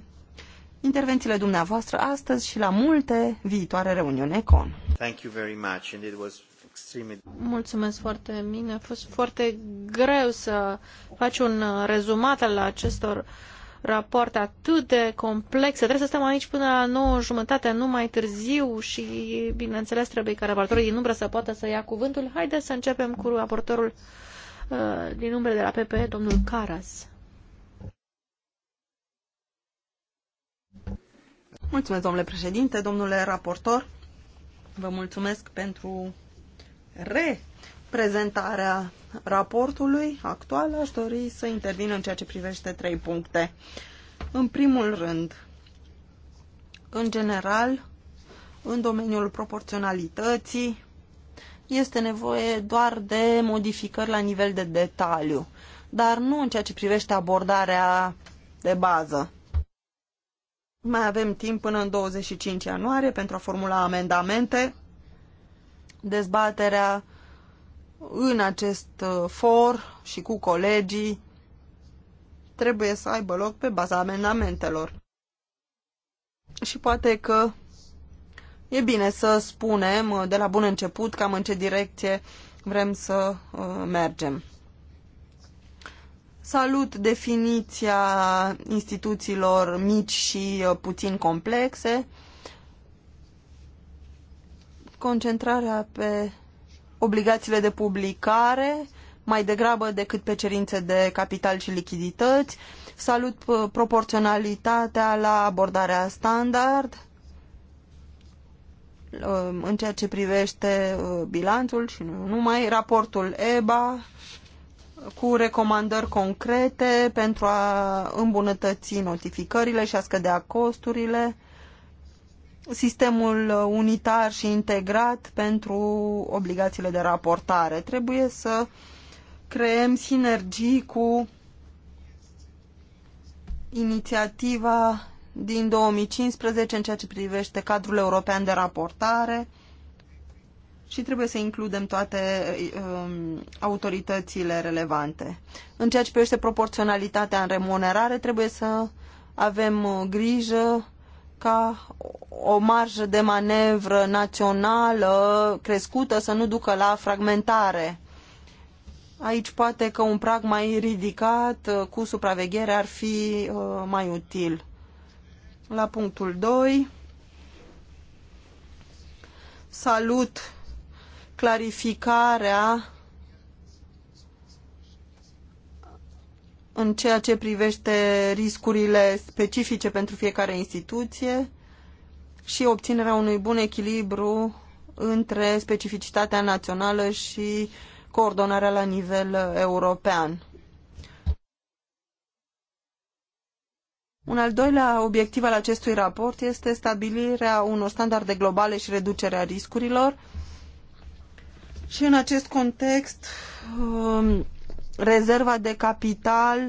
intervențiile dumneavoastră astăzi și la multe viitoare reuniuni CON. Thank you very much and it was extremely... Mulțumesc foarte mine. A fost foarte greu să faci un rezumat al acestor rapoarte atât de complex. Trebuie să stăm aici până la 9 jumătate, nu mai târziu și, bineînțeles, trebuie ca raportorii din umbră să poată să ia cuvântul. Haideți să începem cu raportorul uh, din umbră de la PP, domnul Caras. Mulțumesc, domnule președinte, domnule raportor. Vă mulțumesc pentru re prezentarea raportului actual, aș dori să intervin în ceea ce privește trei puncte. În primul rând, în general, în domeniul proporționalității, este nevoie doar de modificări la nivel de detaliu, dar nu în ceea ce privește abordarea de bază. Mai avem timp până în 25 ianuarie pentru a formula amendamente. Dezbaterea în acest uh, for și cu colegii trebuie să aibă loc pe baza amendamentelor. Și poate că e bine să spunem uh, de la bun început cam în ce direcție vrem să uh, mergem. Salut definiția instituțiilor mici și puțin complexe. Concentrarea pe obligațiile de publicare mai degrabă decât pe cerințe de capital și lichidități. Salut uh, proporționalitatea la abordarea standard uh, în ceea ce privește uh, bilanțul și nu numai, raportul EBA cu recomandări concrete pentru a îmbunătăți notificările și a scădea costurile sistemul unitar și integrat pentru obligațiile de raportare. Trebuie să creăm sinergii cu inițiativa din 2015 în ceea ce privește cadrul european de raportare și trebuie să includem toate um, autoritățile relevante. În ceea ce privește proporționalitatea în remunerare, trebuie să avem uh, grijă ca o marjă de manevră națională crescută să nu ducă la fragmentare. Aici poate că un prag mai ridicat uh, cu supraveghere ar fi uh, mai util. La punctul 2 salut clarificarea în ceea ce privește riscurile specifice pentru fiecare instituție și obținerea unui bun echilibru între specificitatea națională și coordonarea la nivel european. Un al doilea obiectiv al acestui raport este stabilirea unor standarde globale și reducerea riscurilor. Și în acest context, um, rezerva de capital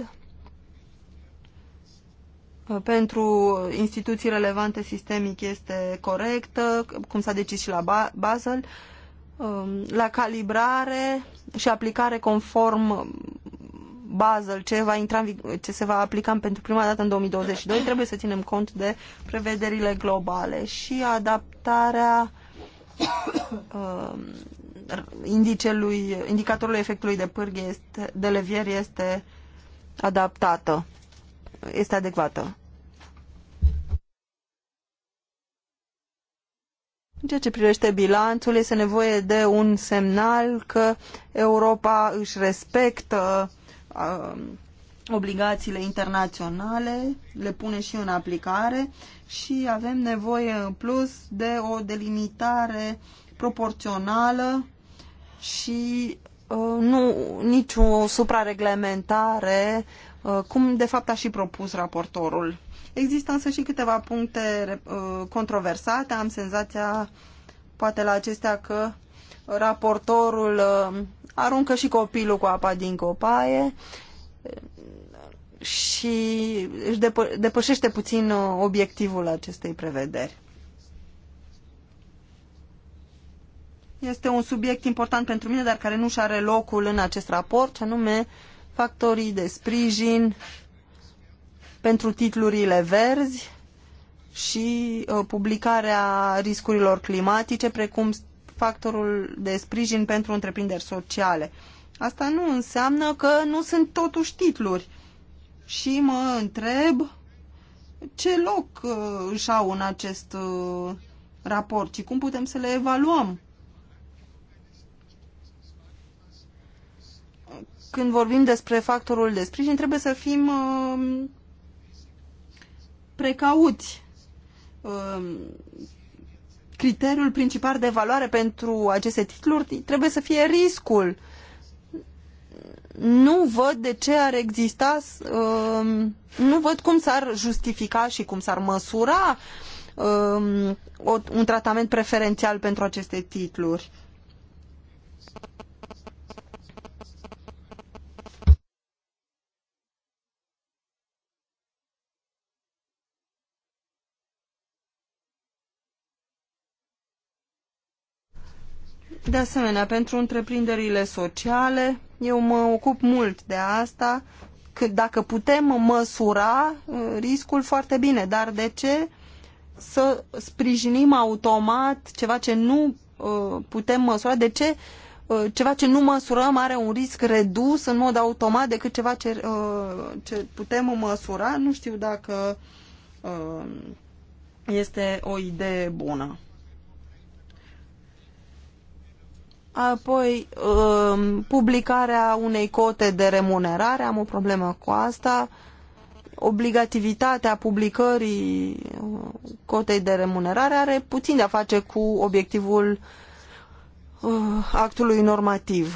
uh, pentru instituții relevante sistemic este corectă, cum s-a decis și la Basel, um, la calibrare și aplicare conform Basel, ce, va intra în, ce se va aplica pentru prima dată în 2022, trebuie să ținem cont de prevederile globale și adaptarea *coughs* um, indicelui, indicatorul efectului de pârghie este, de levier este adaptată, este adecvată. În ceea ce privește bilanțul, este nevoie de un semnal că Europa își respectă um, obligațiile internaționale, le pune și în aplicare și avem nevoie în plus de o delimitare proporțională și uh, nu nicio suprareglementare, uh, cum de fapt a și propus raportorul. Există însă și câteva puncte uh, controversate. Am senzația, poate la acestea, că raportorul aruncă și copilul cu apa din copaie și își depă- depășește puțin obiectivul acestei prevederi. Este un subiect important pentru mine, dar care nu și are locul în acest raport, anume factorii de sprijin pentru titlurile verzi și uh, publicarea riscurilor climatice, precum factorul de sprijin pentru întreprinderi sociale. Asta nu înseamnă că nu sunt totuși titluri. Și mă întreb ce loc uh, își au în acest uh, raport și cum putem să le evaluăm. când vorbim despre factorul de sprijin, trebuie să fim um, precauți. Um, criteriul principal de valoare pentru aceste titluri trebuie să fie riscul. Nu văd de ce ar exista, um, nu văd cum s-ar justifica și cum s-ar măsura un tratament preferențial pentru aceste titluri de asemenea, pentru întreprinderile sociale, eu mă ocup mult de asta, că dacă putem măsura uh, riscul foarte bine, dar de ce să sprijinim automat ceva ce nu uh, putem măsura? De ce uh, ceva ce nu măsurăm are un risc redus în mod automat decât ceva ce, ce putem măsura? Nu știu dacă este o idee bună. Apoi, um, publicarea unei cote de remunerare, am o problemă cu asta, obligativitatea publicării uh, cotei de remunerare are puțin de a face cu obiectivul uh, actului normativ.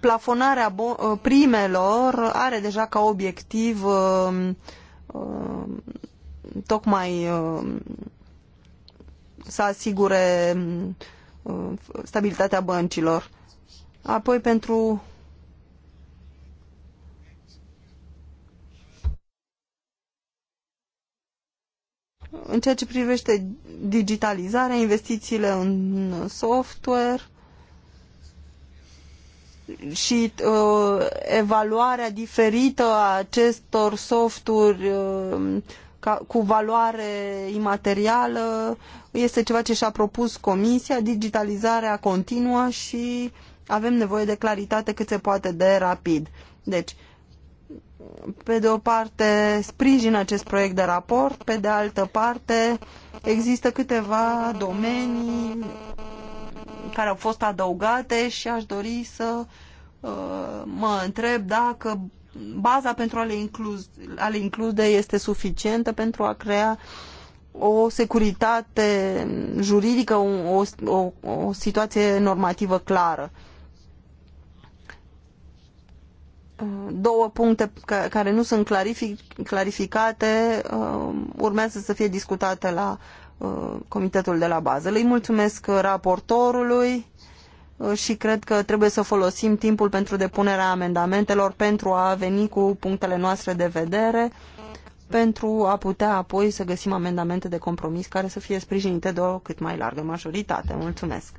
Plafonarea uh, primelor are deja ca obiectiv um, um, tocmai să asigure mm, uh, stabilitatea băncilor. Apoi pentru În ceea ce privește digitalizarea, investițiile în software și uh, evaluarea diferită a acestor softuri uh, ca, cu valoare imaterială este ceva ce și-a propus Comisia, digitalizarea continuă și avem nevoie de claritate cât se poate de rapid. Deci, pe de o parte sprijin acest proiect de raport, pe de altă parte există câteva domenii care au fost adăugate și aș dori să uh, mă întreb dacă baza pentru a le, incluz, a le include este suficientă pentru a crea o securitate juridică, o, o, o situație normativă clară. Două puncte care nu sunt clarific, clarificate um, urmează să fie discutate la uh, comitetul de la bază. Îi mulțumesc raportorului Uh, și cred că trebuie să folosim timpul pentru depunerea amendamentelor pentru a veni cu punctele noastre de vedere pentru a putea apoi să găsim amendamente de compromis care să fie sprijinite de o cât mai largă majoritate. Mulțumesc!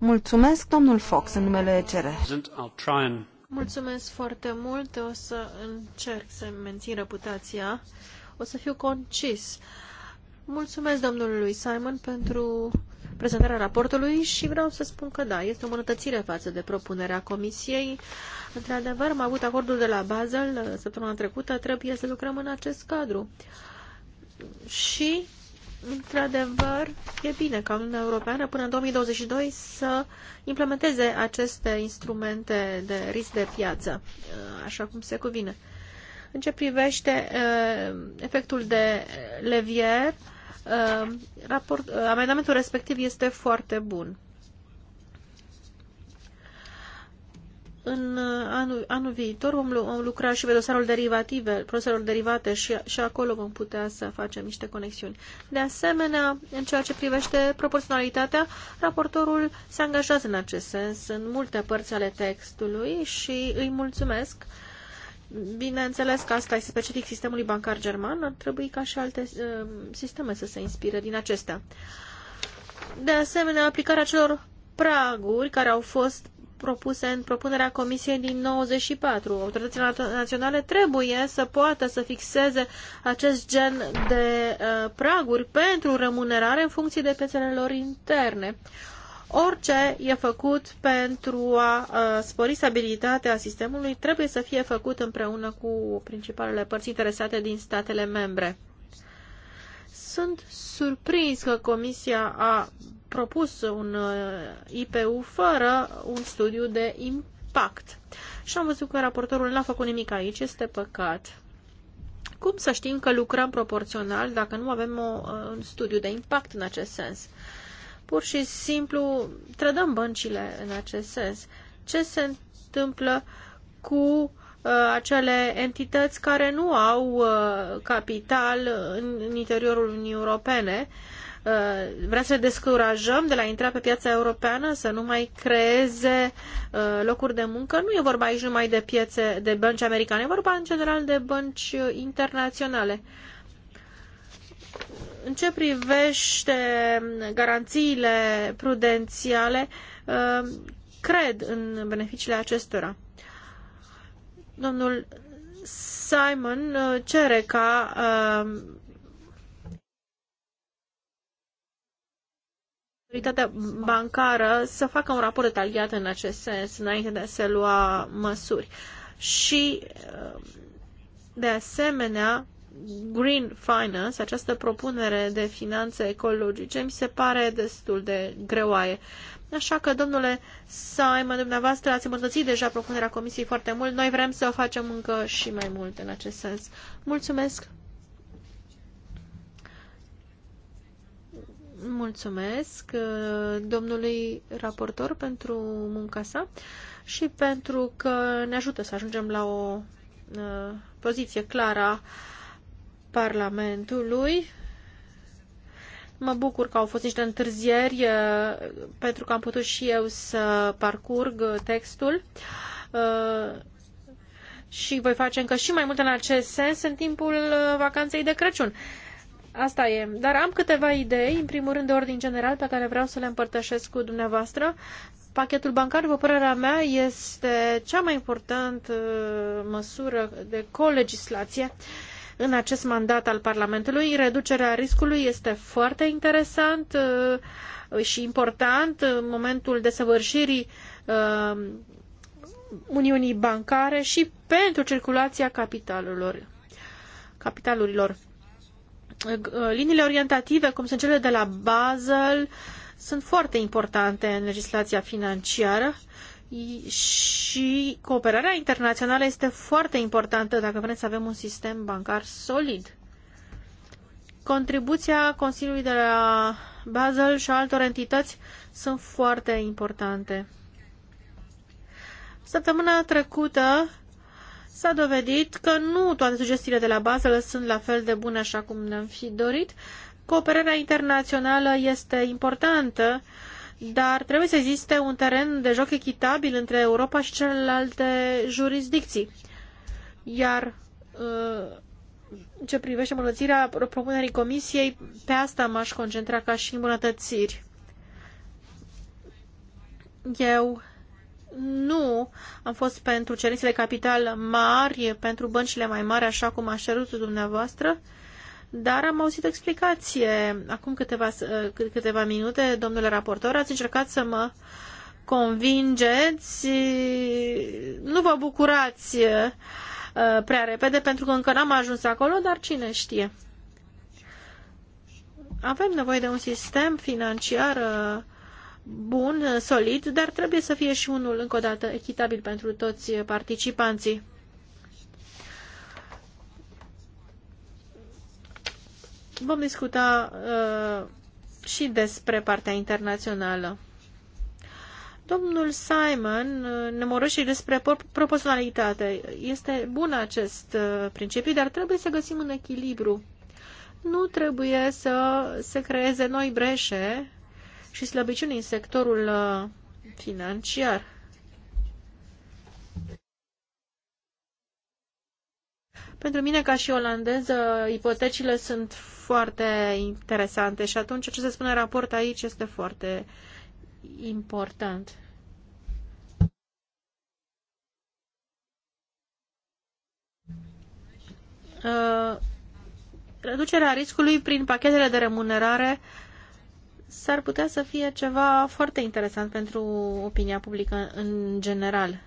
Mulțumesc, domnul Fox, în numele ECR. Mulțumesc foarte mult. O să încerc să mențin reputația. O să fiu concis. Mulțumesc domnului Simon pentru prezentarea raportului și vreau să spun că da, este o mănătățire față de propunerea Comisiei. Într-adevăr, am avut acordul de la Basel uh, săptămâna trecută, trebuie să lucrăm în acest cadru. Și, într-adevăr, e bine ca Uniunea Europeană până în 2022 să implementeze aceste instrumente de risc de piață, uh, așa cum se cuvine. În ce privește uh, efectul de levier, Uh, raport, uh, amendamentul respectiv este foarte bun. În uh, anul, anul viitor vom, vom lucra și pe dosarul derivative, produselor derivate și, și acolo vom putea să facem niște conexiuni. De asemenea, în ceea ce privește proporționalitatea, raportorul se angajează în acest sens în multe părți ale textului și îi mulțumesc uh, Bineînțeles că asta este specific sistemului bancar german, ar trebui ca și alte uh, sisteme să se inspire din acestea. De asemenea, aplicarea celor praguri care au fost propuse în propunerea Comisiei din 94. Autoritățile naționale trebuie să poată să fixeze acest gen de uh, praguri pentru remunerare în funcție de piețele lor interne. Orice e făcut pentru a spori stabilitatea sistemului trebuie să fie făcut împreună cu principalele părți interesate din statele membre. Sunt surprins că Comisia a propus un IPU fără un studiu de impact. Și am văzut că raportorul n-a făcut nimic aici, este păcat. Cum să știm că lucrăm proporțional dacă nu avem o, un studiu de impact în acest sens? pur și simplu trădăm băncile în acest sens. Ce se întâmplă cu uh, acele entități care nu au uh, capital în, în interiorul Uniunii Europene? Uh, vrea să le descurajăm de la intra pe piața europeană să nu mai creeze uh, locuri de muncă. Nu e vorba aici numai de piețe de bănci americane, e vorba în general de bănci uh, internaționale. Uh, în ce privește garanțiile prudențiale, uh, cred în beneficiile acestora. Domnul Simon uh, cere ca uh, autoritatea bancară să facă un raport detaliat în acest sens înainte de a se lua măsuri. Și de asemenea, Green Finance, această propunere de finanțe ecologice, mi se pare destul de greoaie. Așa că, domnule Simon, dumneavoastră ați îmbunătățit deja propunerea Comisiei foarte mult. Noi vrem să o facem încă și mai mult în acest sens. Mulțumesc! Mulțumesc uh, domnului raportor pentru munca sa și pentru că ne ajută să ajungem la o uh, poziție clară Parlamentului. Mă bucur că au fost niște întârzieri eh, pentru că am putut și eu să parcurg textul eh, și voi face încă și mai mult în acest sens în timpul eh, vacanței de Crăciun. Asta e. Dar am câteva idei, în primul rând de ordin general, pe care vreau să le împărtășesc cu dumneavoastră. Pachetul bancar, după părerea mea, este cea mai importantă măsură de colegislație legislație în acest mandat al Parlamentului. Reducerea riscului este foarte interesant uh, și important în momentul desăvârșirii uh, Uniunii Bancare și pentru circulația capitalurilor. capitalurilor. Uh, liniile orientative, cum sunt cele de la Basel, sunt foarte importante în legislația financiară și cooperarea internațională este foarte importantă dacă vrem să avem un sistem bancar solid. Contribuția Consiliului de la Basel și a altor entități sunt foarte importante. Săptămâna trecută s-a dovedit că nu toate sugestiile de la Basel sunt la fel de bune așa cum ne-am fi dorit. Cooperarea internațională este importantă dar trebuie să existe un teren de joc echitabil între Europa și celelalte jurisdicții. Iar uh, în ce privește îmbunătățirea propunerii comisiei, pe asta m-aș concentra ca și îmbunătățiri. Eu nu am fost pentru cerințe de capital mari, pentru băncile mai mari, așa cum a cerut dumneavoastră, dar am auzit o explicație acum câteva, câteva minute, domnule raportor, ați încercat să mă convingeți, nu vă bucurați uh, prea repede pentru că încă n-am ajuns acolo, dar cine știe. Avem nevoie de un sistem financiar uh, bun, solid, dar trebuie să fie și unul, încă o dată, echitabil pentru toți participanții. Vom discuta uh, și despre partea internațională. Domnul Simon uh, ne moroși despre proporționalitate. Este bun acest uh, principiu, dar trebuie să găsim un echilibru. Nu trebuie să se creeze noi breșe și slăbiciuni în sectorul uh, financiar. Pentru mine, ca și olandeză, ipotecile sunt foarte interesante și atunci ce se spune în raport aici este foarte important. Uh, reducerea riscului prin pachetele de remunerare s-ar putea să fie ceva foarte interesant pentru opinia publică în general.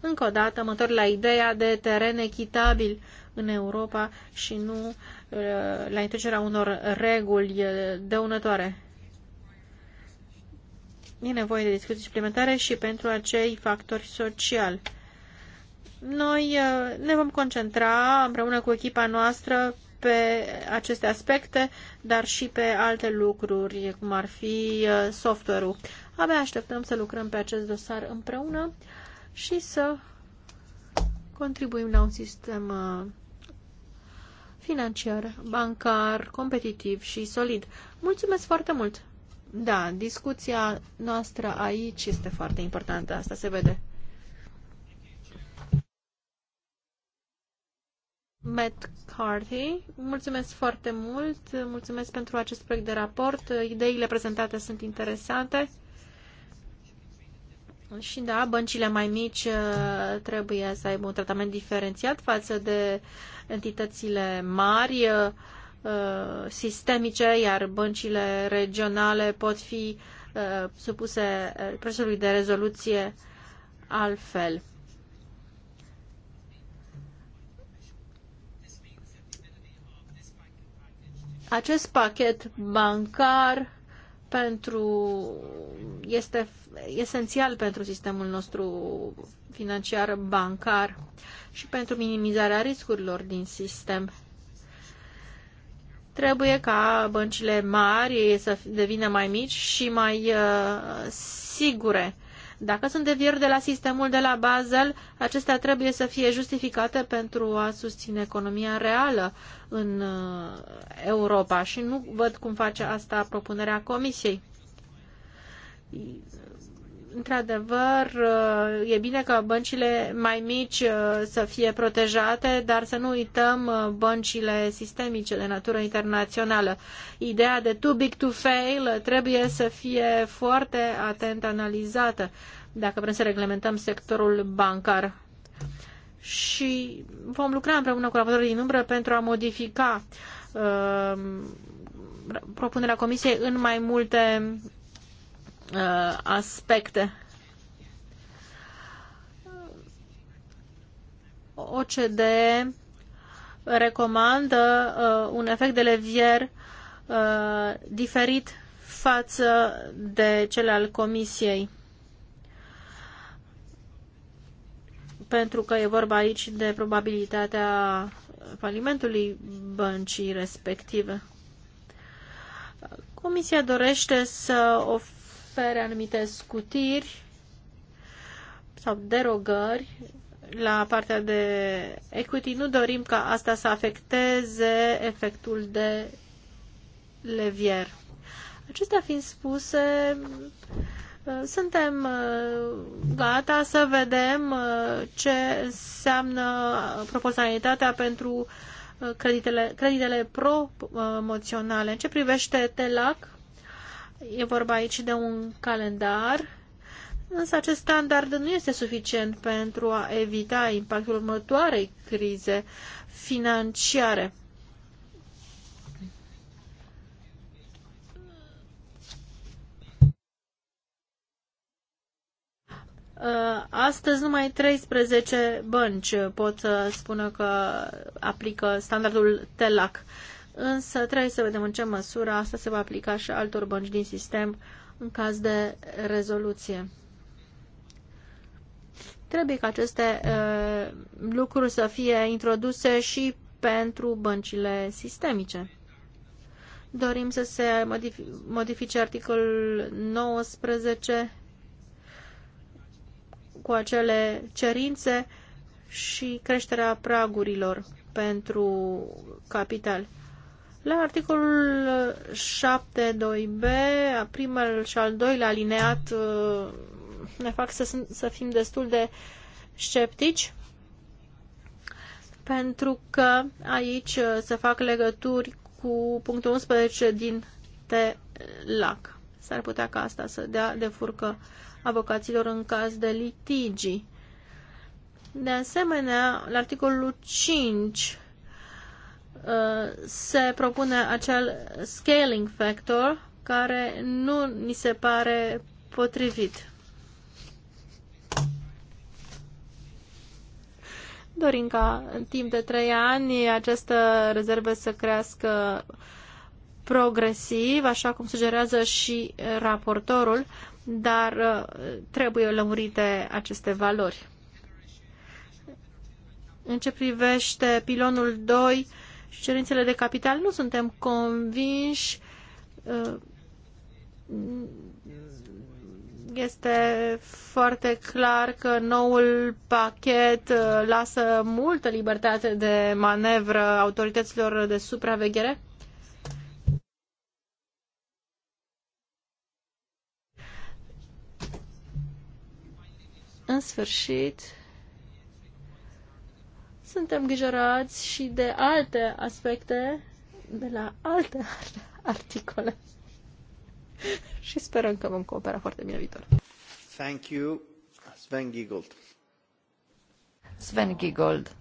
Încă o dată mă la ideea de teren echitabil în Europa și nu Uh, la introducerea unor reguli uh, dăunătoare. E nevoie de discuții suplimentare și pentru acei factori sociali. Noi uh, ne vom concentra împreună cu echipa noastră pe aceste aspecte, dar și pe alte lucruri, cum ar fi software-ul. Abia așteptăm să lucrăm pe acest dosar împreună și să contribuim la un sistem financiar, bancar, competitiv și solid. Mulțumesc foarte mult! Da, discuția noastră aici este foarte importantă, asta se vede. Matt Carthy. Mulțumesc foarte mult, mulțumesc pentru acest proiect de raport. Ideile prezentate sunt interesante. Și da, băncile mai mici uh, trebuie să aibă un tratament diferențiat față de uh, entitățile mari uh, sistemice, iar băncile regionale pot fi uh, supuse uh, procesului de rezoluție altfel. Acest pachet bancar pentru, este esențial pentru sistemul nostru financiar bancar și pentru minimizarea riscurilor din sistem. Trebuie ca băncile mari să devină mai mici și mai uh, sigure. Dacă sunt devieri de la sistemul de la Basel, acestea trebuie să fie justificate pentru a susține economia reală în uh, Europa și nu văd cum face asta propunerea Comisiei într-adevăr, uh, e bine ca băncile mai mici uh, să fie protejate, dar să nu uităm uh, băncile sistemice de natură internațională. Ideea de too big to fail trebuie să fie foarte atent analizată dacă vrem să reglementăm sectorul bancar. Și vom lucra împreună cu raportorii din umbră pentru a modifica uh, propunerea Comisiei în mai multe Uh, aspecte. OCDE recomandă uh, un efect de levier uh, diferit față de cel al Comisiei. Pentru că e vorba aici de probabilitatea falimentului băncii respective. Comisia dorește să of ofere anumite scutiri sau derogări la partea de equity. Nu dorim ca asta să afecteze efectul de levier. Acestea fiind spuse, suntem uh, gata să vedem uh, ce înseamnă proporționalitatea pentru uh, creditele, creditele promoționale. În ce privește TELAC, E vorba aici de un calendar, însă acest standard nu este suficient pentru a evita impactul următoarei crize financiare. Uh, astăzi numai 13 bănci pot să spună că aplică standardul TELAC însă trebuie să vedem în ce măsură asta se va aplica și altor bănci din sistem în caz de rezoluție. Trebuie ca aceste uh, lucruri să fie introduse și pentru băncile sistemice. Dorim să se modifi modifice articolul 19 cu acele cerințe și creșterea pragurilor pentru capital. La articolul 7.2b, primul și al doilea alineat uh, ne fac să, să fim destul de sceptici, pentru că aici uh, se fac legături cu punctul 11 din TELAC. S-ar putea ca asta să dea de furcă avocaților în caz de litigii. De asemenea, la articolul 5 Uh, se propune acel scaling factor care nu ni se pare potrivit. Dorim ca în timp de trei ani această rezervă să crească progresiv, așa cum sugerează și raportorul, dar uh, trebuie lămurite aceste valori. În ce privește pilonul 2, și cerințele de capital, nu suntem convinși. Uh, este foarte clar că noul pachet uh, lasă multă libertate de manevră autorităților de supraveghere. În sfârșit, suntem îngrijorați și de alte aspecte, de la *laughs* alte articole. și sperăm că vom coopera foarte bine viitor. Thank you, Sven Giegold. Sven Giegold.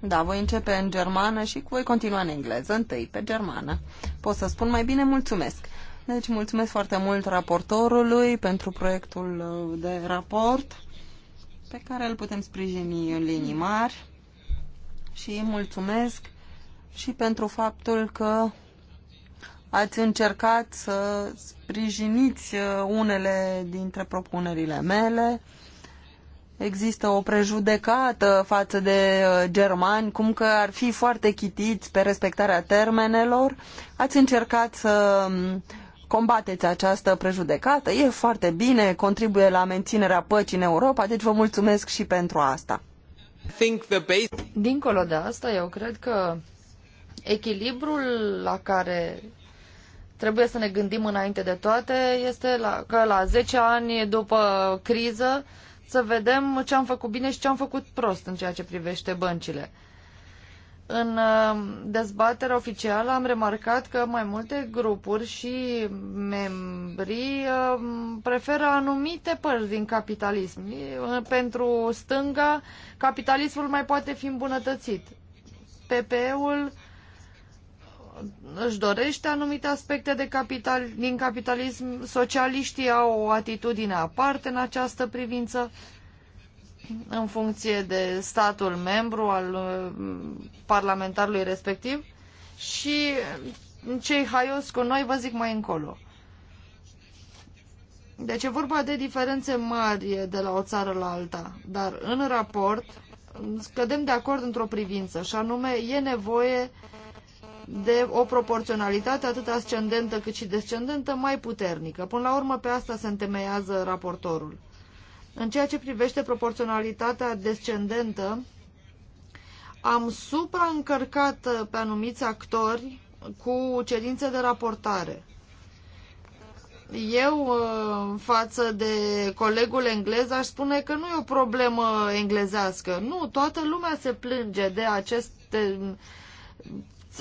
Da, voi începe în germană și voi continua în engleză, întâi pe germană. Pot să spun mai bine mulțumesc. Deci mulțumesc foarte mult raportorului pentru proiectul uh, de raport pe care îl putem sprijini în linii mari și îi mulțumesc și pentru faptul că ați încercat să sprijiniți uh, unele dintre propunerile mele. Există o prejudecată față de uh, germani, cum că ar fi foarte chitiți pe respectarea termenelor. Ați încercat să um, combateți această prejudecată. E foarte bine, contribuie la menținerea păcii în Europa, deci vă mulțumesc și pentru asta. Dincolo de asta, eu cred că echilibrul la care trebuie să ne gândim înainte de toate este la, că la 10 ani după criză să vedem ce am făcut bine și ce am făcut prost în ceea ce privește băncile. În uh, dezbaterea oficială am remarcat că mai multe grupuri și membrii uh, preferă anumite părți din capitalism. Uh, pentru stânga, capitalismul mai poate fi îmbunătățit. PPE-ul își dorește anumite aspecte de capital, din capitalism, socialiștii au o atitudine aparte în această privință în funcție de statul membru al uh, parlamentarului respectiv și cei haios cu noi vă zic mai încolo. Deci e vorba de diferențe mari de la o țară la alta, dar în raport scădem de acord într-o privință și anume e nevoie de o proporționalitate atât ascendentă cât și descendentă mai puternică. Până la urmă pe asta se întemeiază raportorul. În ceea ce privește proporționalitatea descendentă, am supraîncărcat uh, pe anumiți actori cu cerințe de raportare. Eu, uh, față de colegul englez, aș spune că nu e o problemă englezească. Nu, toată lumea se plânge de aceste,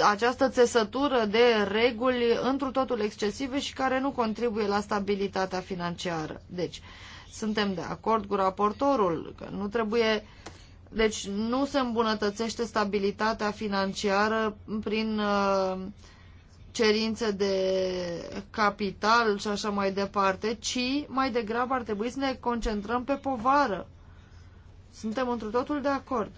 această țesătură de reguli întru totul excesive și care nu contribuie la stabilitatea financiară. Deci, uh, suntem de acord cu raportorul că nu trebuie deci nu se îmbunătățește stabilitatea financiară prin uh, cerințe de capital și așa mai departe, ci mai degrabă ar trebui să ne concentrăm pe povară. Suntem într totul de acord.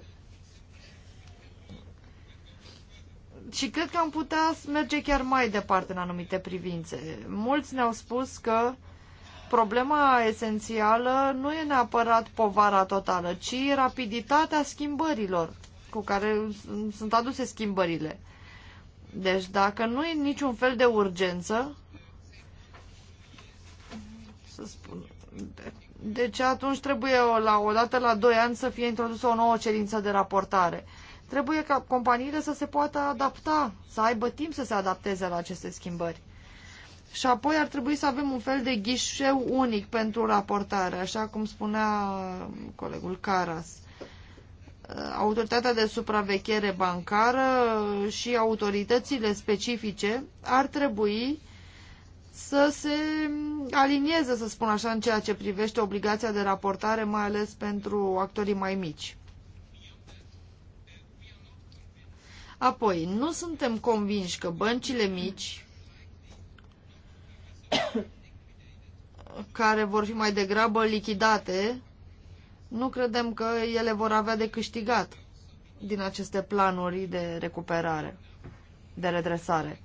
Și cred că am putea merge chiar mai departe în anumite privințe. Mulți ne-au spus că uh, problema esențială nu e neapărat povara totală, ci rapiditatea schimbărilor cu care sunt aduse schimbările. Deci dacă nu e niciun fel de urgență, să spun, deci atunci trebuie la, o dată la 2 ani să fie introdusă o nouă cerință de raportare. Trebuie ca companiile să se poată adapta, să aibă timp să se adapteze la aceste schimbări. Și apoi ar trebui să avem un fel de ghișeu unic pentru raportare, așa cum spunea colegul Caras. Uh, autoritatea de supraveghere bancară și autoritățile specifice ar trebui să se alinieze, să spun așa, în ceea ce privește obligația de raportare, mai ales pentru actorii mai mici. Apoi, nu suntem convinși că băncile mici *coughs* care vor fi mai degrabă lichidate, nu credem că ele vor avea de câștigat din aceste planuri de recuperare, de redresare.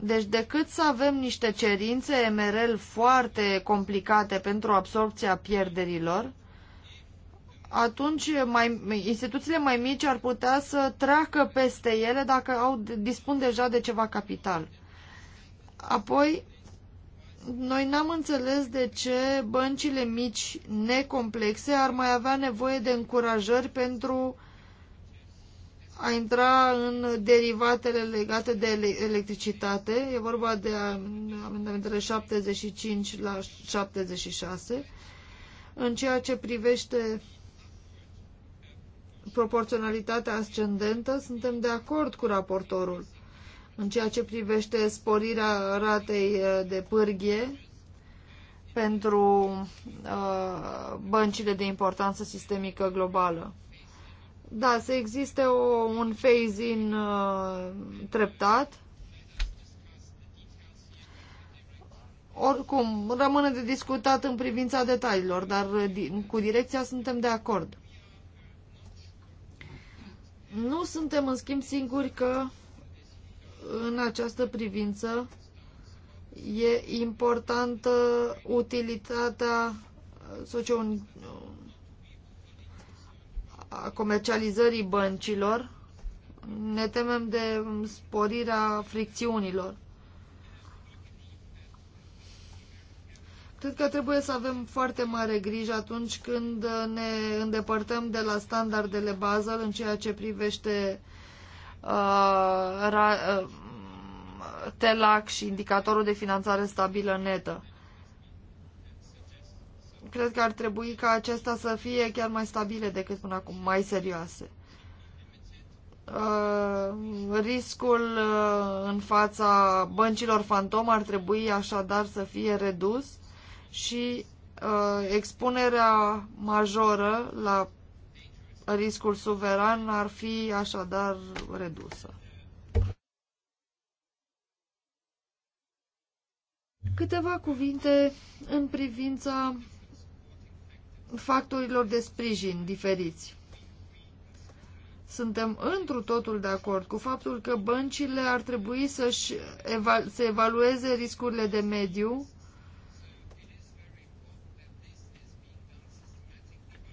Deci decât să avem niște cerințe MRL foarte complicate pentru absorpția pierderilor, atunci mai, instituțiile mai mici ar putea să treacă peste ele dacă au, dispun deja de ceva capital. Apoi, noi n-am înțeles de ce băncile mici necomplexe ar mai avea nevoie de încurajări pentru a intra în derivatele legate de electricitate. E vorba de amendamentele 75 la 76. În ceea ce privește proporționalitatea ascendentă, suntem de acord cu raportorul în ceea ce privește sporirea ratei uh, de pârghie pentru uh, băncile de importanță sistemică globală. Da, să existe o, un phase-in uh, treptat. Oricum, rămâne de discutat în privința detaliilor, dar cu direcția suntem de acord. Nu suntem, în schimb, singuri că în această privință e importantă utilitatea socio a comercializării băncilor. Ne temem de sporirea fricțiunilor. Cred că trebuie să avem foarte mare grijă atunci când ne îndepărtăm de la standardele Basel în ceea ce privește uh, Uh, uh, TELAC și indicatorul de finanțare stabilă netă. Cred că ar trebui ca acesta să fie chiar mai stabile decât până acum, mai serioase. Uh, riscul uh, în fața băncilor fantom ar trebui așadar să fie redus și uh, expunerea majoră la riscul suveran ar fi așadar redusă. Câteva cuvinte în privința factorilor de sprijin diferiți. Suntem întru totul de acord cu faptul că băncile ar trebui să-și eva- să evalueze riscurile de mediu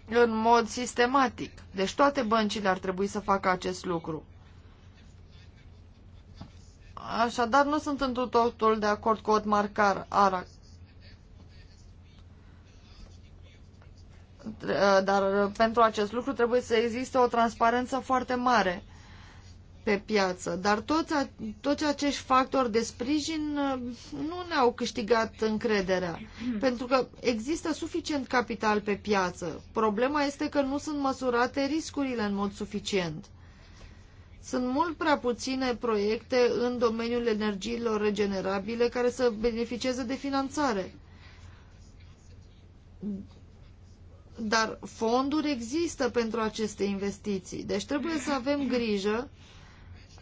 în mod sistematic. Deci toate băncile ar trebui să facă acest lucru. Așadar, nu sunt într totul de acord cu Otmar Car Dar pentru acest lucru trebuie să existe o transparență foarte mare pe piață, dar toți, toți acești factori de sprijin uh, nu ne-au câștigat încrederea, hmm. pentru că există suficient capital pe piață. Problema este că nu sunt măsurate riscurile în mod suficient. Sunt mult prea puține proiecte în domeniul energiilor regenerabile care să beneficieze de finanțare. Dar fonduri există pentru aceste investiții, deci trebuie să avem grijă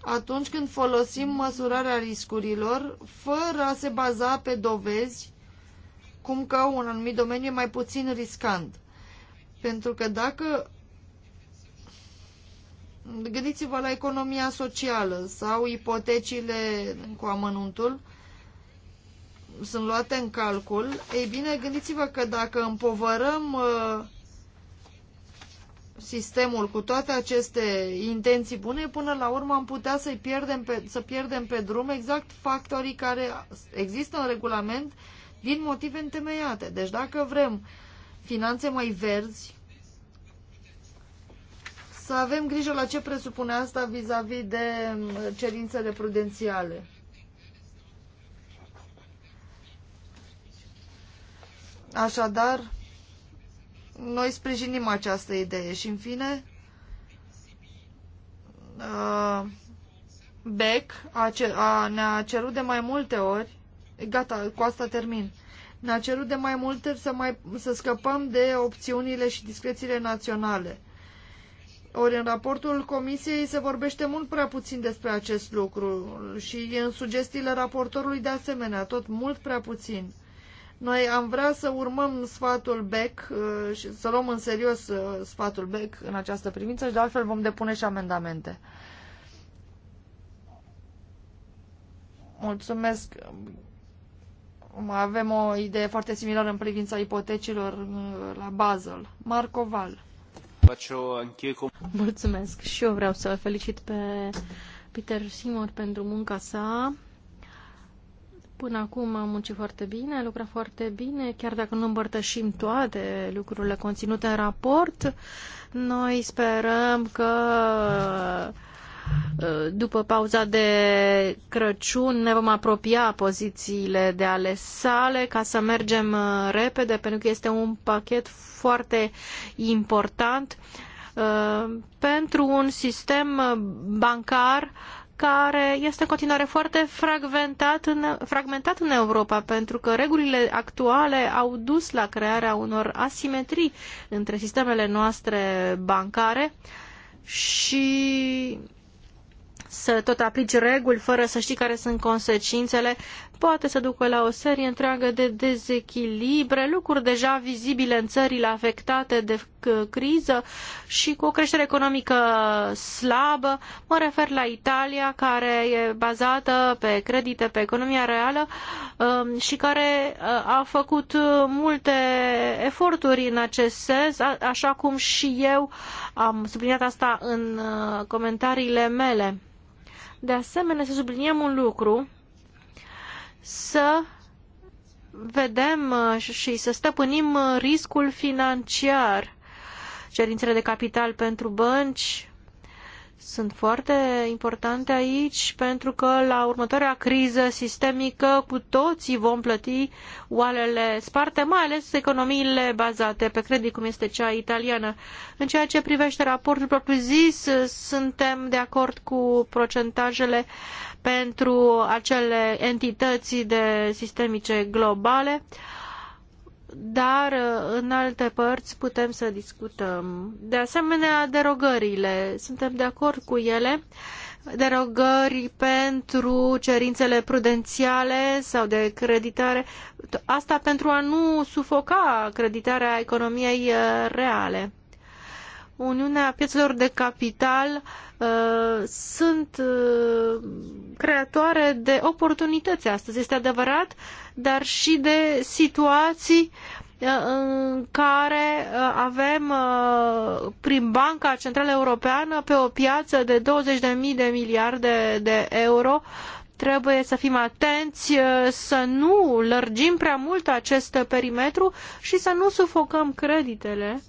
atunci când folosim măsurarea riscurilor fără a se baza pe dovezi cum că un anumit domeniu e mai puțin riscant. Pentru că dacă gândiți-vă la economia socială sau ipotecile cu amănuntul, sunt luate în calcul, ei bine, gândiți-vă că dacă împovărăm uh, sistemul cu toate aceste intenții bune, până la urmă am putea să i pierdem pe, să pierdem pe drum exact factorii care există în regulament din motive întemeiate. Deci dacă vrem finanțe mai verzi, să avem grijă la ce presupune asta vis-a-vis -vis de mm, cerințele prudențiale. Așadar, noi sprijinim această idee și, în fine, uh, Beck a, a, ne-a cerut de mai multe ori, gata, cu asta termin, ne-a cerut de mai multe ori să, mai, să scăpăm de opțiunile și discrețiile naționale. Ori în raportul comisiei se vorbește mult prea puțin despre acest lucru și în sugestiile raportorului de asemenea, tot mult prea puțin. Noi am vrea să urmăm sfatul BEC uh, și să luăm în serios uh, sfatul BEC în această privință și de altfel vom depune și amendamente. Mulțumesc. Avem o idee foarte similară în privința ipotecilor uh, la Basel. Marco Val. Mulțumesc și eu vreau să felicit pe Peter Simon pentru munca sa Până acum am muncit foarte bine, am lucrat foarte bine, chiar dacă nu împărtășim toate lucrurile conținute în raport, noi sperăm că ă, după pauza de Crăciun ne vom apropia pozițiile de ale sale ca să mergem ă, repede, pentru că este un pachet foarte important ă, pentru un sistem bancar care este în continuare foarte fragmentat în, fragmentat în Europa, pentru că regulile actuale au dus la crearea unor asimetrii între sistemele noastre bancare și să tot aplici reguli fără să știi care sunt consecințele poate să ducă la o serie întreagă de dezechilibre, lucruri deja vizibile în țările afectate de criză și cu o creștere economică slabă. Mă refer la Italia, care e bazată pe credite, pe economia reală um, și care uh, a făcut uh, multe eforturi în acest sens, așa cum și eu am subliniat asta în uh, comentariile mele. De asemenea, să subliniem un lucru să vedem uh, și să stăpânim uh, riscul financiar. Cerințele de capital pentru bănci sunt foarte importante aici pentru că la următoarea criză sistemică cu toții vom plăti oalele sparte, mai ales economiile bazate pe credit, cum este cea italiană. În ceea ce privește raportul propriu-zis, suntem de acord cu procentajele uh, pentru acele entități de sistemice globale, dar uh, în alte părți putem să discutăm. De asemenea, derogările. Suntem de acord cu ele derogări pentru cerințele prudențiale sau de creditare, asta pentru a nu sufoca creditarea economiei uh, reale. Uniunea piețelor de capital Uh, sunt uh, creatoare de oportunități astăzi, este adevărat, dar și de situații uh, în care avem prin Banca Centrală Europeană pe o piață de 20.000 de miliarde de euro trebuie să fim atenți să nu lărgim prea mult acest perimetru și să nu sufocăm creditele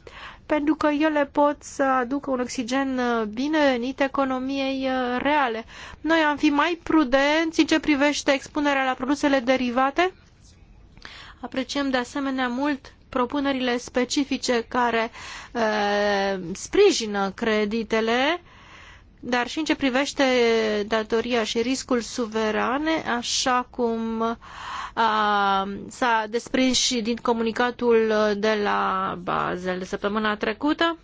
pentru că ele pot să aducă un oxigen uh, bine, venit economiei uh, reale. Noi am fi mai prudenți în ce privește expunerea la produsele derivate. Apreciem de asemenea mult propunerile specifice care e, uh, sprijină creditele, dar și în ce privește datoria și riscul suverane, așa cum s-a desprins și din comunicatul de la Basel de săptămâna trecută.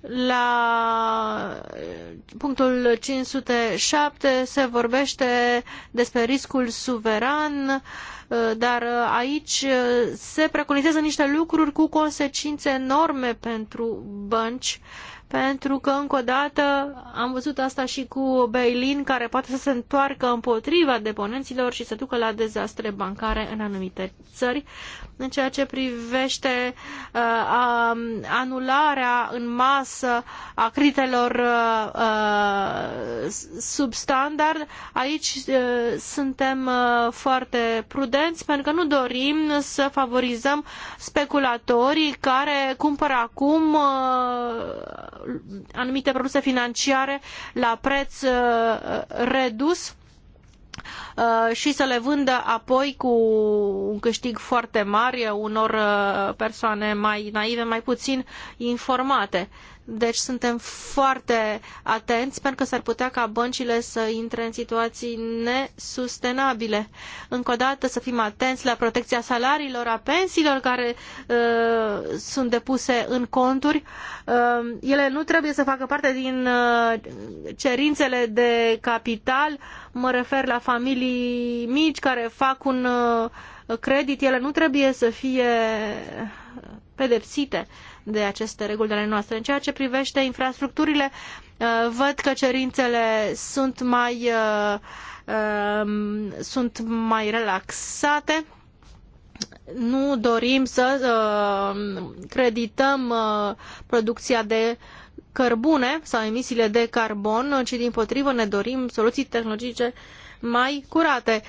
La punctul 507 se vorbește despre riscul suveran, dar aici se preconizează niște lucruri cu consecințe enorme pentru bănci pentru că, încă o dată, am văzut asta și cu Beilin, care poate să se întoarcă împotriva deponenților și să ducă la dezastre bancare în anumite țări în ceea ce privește uh, um, anularea în masă a critelor uh, uh substandard. Aici uh, suntem uh, foarte prudenți pentru că nu dorim să favorizăm speculatorii care cumpără acum uh, anumite produse financiare la preț redus Uh, și să le vândă apoi cu un câștig foarte mare unor uh, persoane mai naive, mai puțin informate. Deci suntem foarte atenți pentru că s-ar putea ca băncile să intre în situații nesustenabile. Încă o dată să fim atenți la protecția salariilor, a pensiilor care uh, sunt depuse în conturi. Uh, ele nu trebuie să facă parte din uh, cerințele de capital. Mă refer la familii mici care fac un uh, credit. Ele nu trebuie să fie pedepsite de aceste reguli ale noastre. În ceea ce privește infrastructurile, uh, văd că cerințele sunt mai, uh, um, sunt mai relaxate. Nu dorim să uh, credităm producția de cărbune sau emisiile de carbon, ci din potrivă ne dorim soluții tehnologice mai curate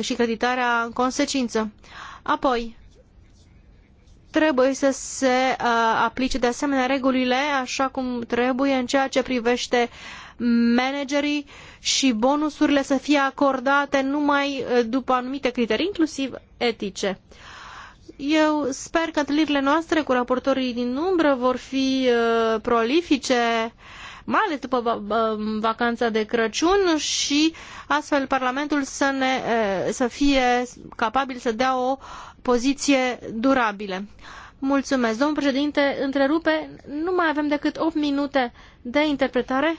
și creditarea în consecință. Apoi, trebuie să se uh, aplice de asemenea regulile așa cum trebuie în ceea ce privește managerii și bonusurile să fie acordate numai uh, după anumite criterii, inclusiv etice. Eu sper că întâlnirile noastre cu raportorii din umbră vor fi uh, prolifice, mai ales după vacanța de Crăciun și astfel Parlamentul să, ne, să fie capabil să dea o poziție durabile. Mulțumesc. Domnul președinte, întrerupe, nu mai avem decât 8 minute de interpretare.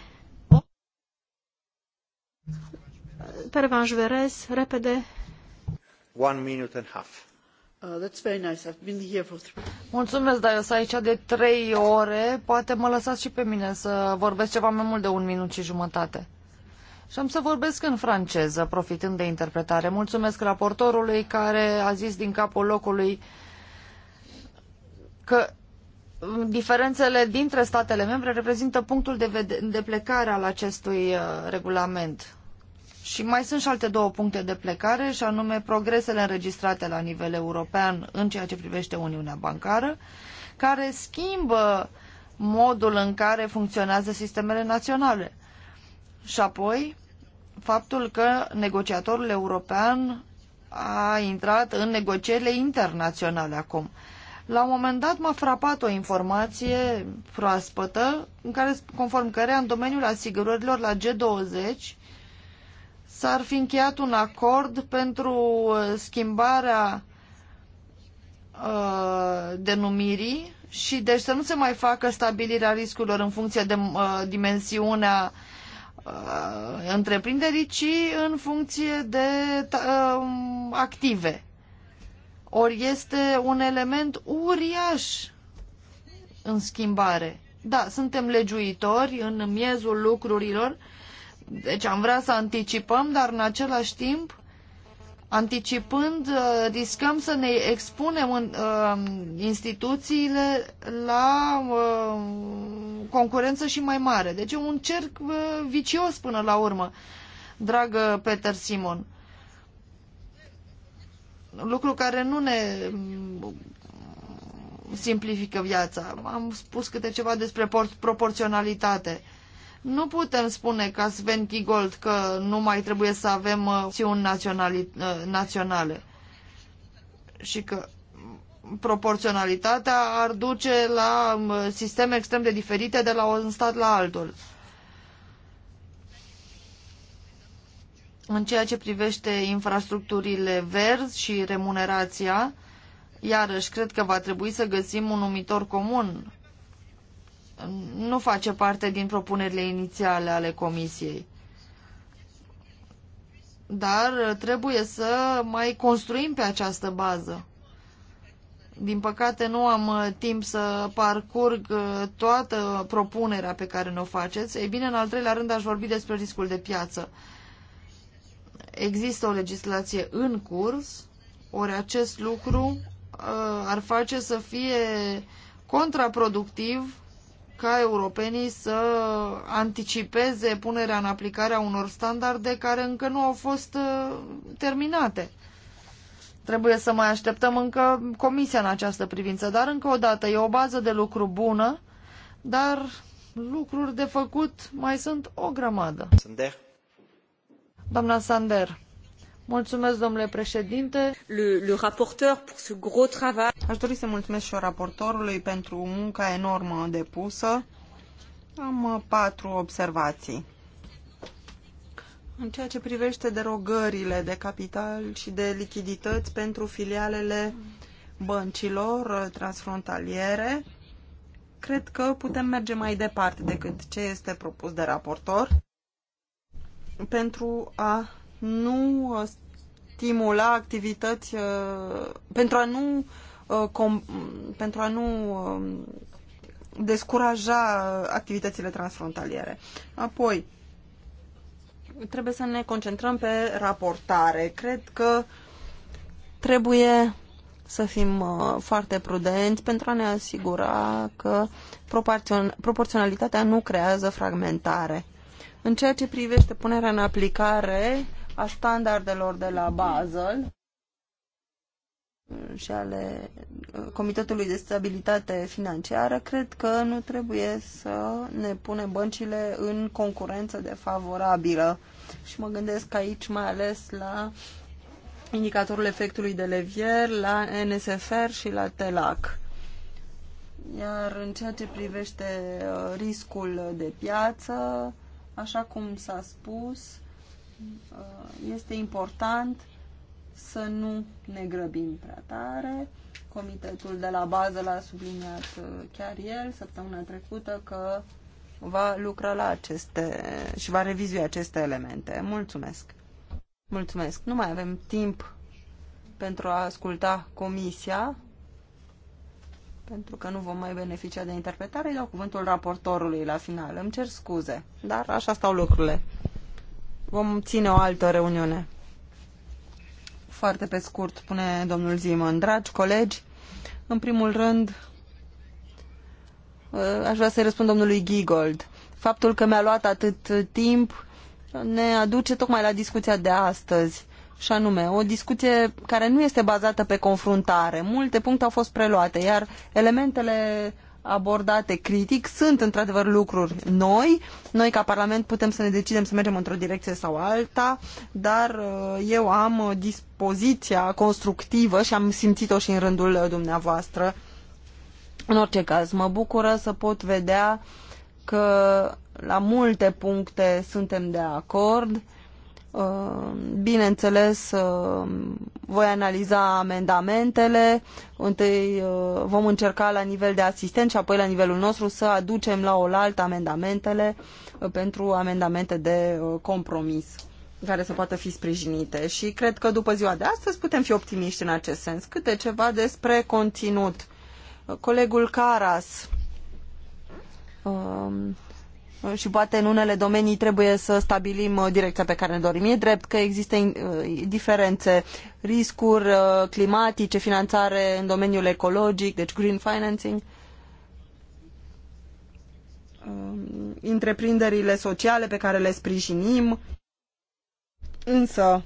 Pervanș repede. One minute and half. Uh, that's very nice. I've been here for three... Mulțumesc, dar eu sunt aici de trei ore. Poate mă lăsați și pe mine să vorbesc ceva mai mult de un minut și jumătate. Și am să vorbesc în franceză, profitând de interpretare. Mulțumesc raportorului care a zis din capul locului că diferențele dintre statele membre reprezintă punctul de, de plecare al acestui uh, regulament. Și mai sunt și alte două puncte de plecare, și anume progresele înregistrate la nivel european în ceea ce privește Uniunea Bancară, care schimbă modul în care funcționează sistemele naționale și apoi faptul că negociatorul european a intrat în negocierile internaționale acum. La un moment dat m-a frapat o informație proaspătă, în care, conform cărea în domeniul asigurărilor la G20 s-ar fi încheiat un acord pentru uh, schimbarea uh, denumirii și deci să nu se mai facă stabilirea riscurilor în funcție de uh, dimensiunea uh, Uh, întreprinderii, ci în funcție de um, active. Ori este un element uriaș în schimbare. Da, suntem legiuitori în miezul lucrurilor, deci am vrea să anticipăm, dar în același timp Anticipând, uh, riscăm să ne expunem în, uh, instituțiile la uh, concurență și mai mare. Deci e un cerc uh, vicios până la urmă, dragă Peter Simon. Lucru care nu ne mm, simplifică viața. Am spus câte ceva despre proporționalitate. Nu putem spune ca Sven Tigold că nu mai trebuie să avem uh, opțiuni uh, naționale și că proporționalitatea ar duce la um, sisteme extrem de diferite de la un stat la altul. În ceea ce privește infrastructurile verzi și remunerația, iarăși cred că va trebui să găsim un numitor comun nu face parte din propunerile inițiale ale Comisiei. Dar trebuie să mai construim pe această bază. Din păcate nu am uh, timp să parcurg uh, toată propunerea pe care ne-o faceți. Ei bine, în al treilea rând aș vorbi despre riscul de piață. Există o legislație în curs, ori acest lucru uh, ar face să fie contraproductiv ca europenii să anticipeze punerea în aplicare a unor standarde care încă nu au fost uh, terminate. Trebuie să mai așteptăm încă comisia în această privință, dar încă o dată e o bază de lucru bună, dar lucruri de făcut mai sunt o grămadă. Sander. Doamna Sander. Mulțumesc, domnule președinte. Le, le raporteur pour ce gros travail. Aș dori să mulțumesc și eu raportorului pentru munca enormă depusă. Am uh, patru observații. În ceea ce privește derogările de capital și de lichidități pentru filialele băncilor uh, transfrontaliere, cred că putem merge mai departe decât ce este propus de raportor pentru a nu uh, stimula activități uh, pentru a nu uh, pentru a nu um, descuraja activitățile transfrontaliere. Apoi, trebuie să ne concentrăm pe raportare. Cred că trebuie să fim uh, foarte prudenți pentru a ne asigura că proporționalitatea nu creează fragmentare. În ceea ce privește punerea în aplicare, a standardelor de la Basel și ale Comitetului de Stabilitate Financiară, cred că nu trebuie să ne punem băncile în concurență defavorabilă. Și mă gândesc aici mai ales la indicatorul efectului de levier, la NSFR și la TELAC. Iar în ceea ce privește uh, riscul de piață, așa cum s-a spus, Uh, este important să nu ne grăbim prea tare. Comitetul de la bază l-a subliniat uh, chiar el săptămâna trecută că va lucra la aceste și va revizui aceste elemente. Mulțumesc! Mulțumesc! Nu mai avem timp pentru a asculta comisia, pentru că nu vom mai beneficia de interpretare, dau cuvântul raportorului la final. Îmi cer scuze, dar așa stau lucrurile. Vom ține o altă reuniune. Foarte pe scurt, spune domnul Zimăn. Dragi colegi, în primul rând, uh, aș vrea să-i răspund domnului Gigold. Faptul că mi-a luat atât timp ne aduce tocmai la discuția de astăzi și anume o discuție care nu este bazată pe confruntare. Multe puncte au fost preluate, iar elementele abordate critic. Sunt într-adevăr lucruri noi. Noi ca Parlament putem să ne decidem să mergem într-o direcție sau alta, dar uh, eu am dispoziția constructivă și am simțit-o și în rândul dumneavoastră. În orice caz, mă bucură să pot vedea că la multe puncte suntem de acord Bineînțeles, uh, voi analiza amendamentele, întâi uh, vom încerca la nivel de asistent și apoi la nivelul nostru să aducem la oaltă amendamentele uh, pentru amendamente de compromis care să poată fi sprijinite și cred că după ziua de astăzi putem fi optimiști în acest sens. Câte ceva despre conținut. Colegul Caras și poate în unele domenii trebuie să stabilim uh, direcția pe care ne dorim. E drept că există uh, diferențe, riscuri uh, climatice, finanțare în domeniul ecologic, deci green financing. Um, întreprinderile sociale pe care le sprijinim. Însă,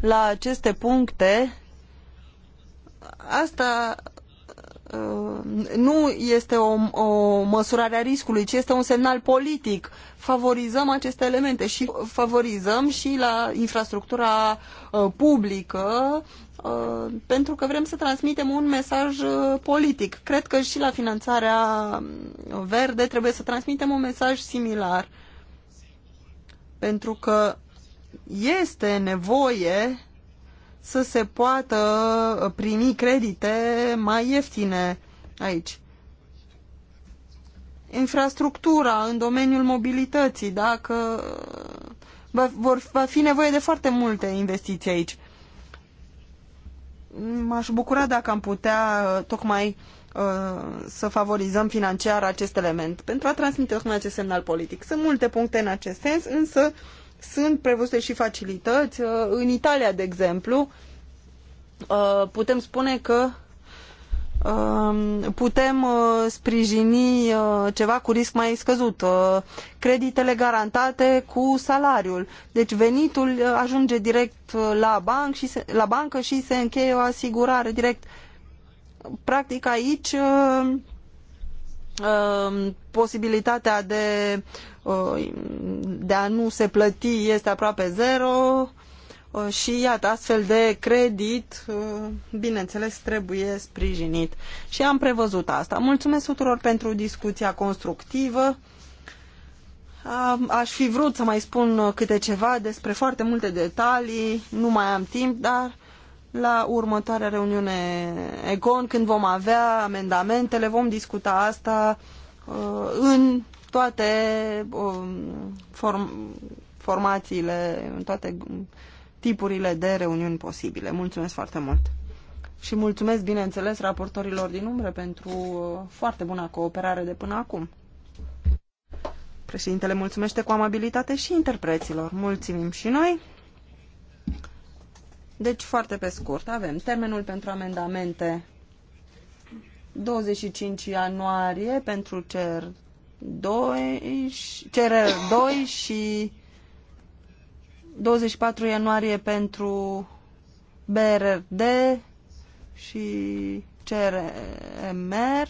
la aceste puncte, asta Uh, nu este o, o măsurare a riscului, ci este un semnal politic. Favorizăm aceste elemente și favorizăm și la infrastructura uh, publică uh, pentru că vrem să transmitem un mesaj politic. Cred că și la finanțarea verde trebuie să transmitem un mesaj similar. Pentru că este nevoie să se poată uh, primi credite mai ieftine aici. Infrastructura în domeniul mobilității, dacă uh, va, vor, va fi nevoie de foarte multe investiții aici. M-aș bucura dacă am putea uh, tocmai să favorizăm financiar acest element pentru a transmite tocmai acest semnal politic. Sunt multe puncte în acest sens, însă sunt prevăzute și facilități. Uh, în Italia, de exemplu, uh, putem spune că um, putem uh, sprijini ceva cu risc mai scăzut, creditele garantate cu salariul. Deci venitul ajunge direct la, banc și se, la bancă și se încheie o asigurare direct. Practic aici um, posibilitatea de Uh, de a nu se plăti este aproape zero uh, și iată, astfel de credit, uh, bineînțeles, trebuie sprijinit. Și am prevăzut asta. Mulțumesc tuturor pentru discuția constructivă. Aș fi vrut să mai spun câte ceva despre foarte multe detalii, nu mai am timp, dar la următoarea reuniune ECON, când vom avea amendamentele, vom discuta asta în toate um, form formațiile, în toate tipurile de reuniuni posibile. Mulțumesc foarte mult! Și mulțumesc, bineînțeles, raportorilor din umbră pentru uh, foarte bună cooperare de până acum. Președintele mulțumește cu amabilitate și interpreților. Mulțumim și noi! Deci, foarte pe scurt, avem termenul pentru amendamente 25 ianuarie pentru cer 2, cereri 2 și 24 ianuarie pentru BRD și CRMR.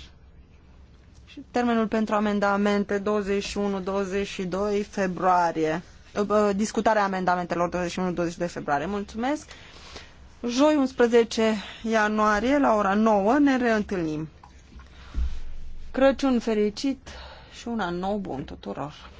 Și termenul pentru amendamente 21-22 februarie. Ă, discutarea amendamentelor 21-22 februarie. Mulțumesc! Joi 11 ianuarie la ora 9 ne reîntâlnim. Crăciun fericit, și un an nou bun tuturor!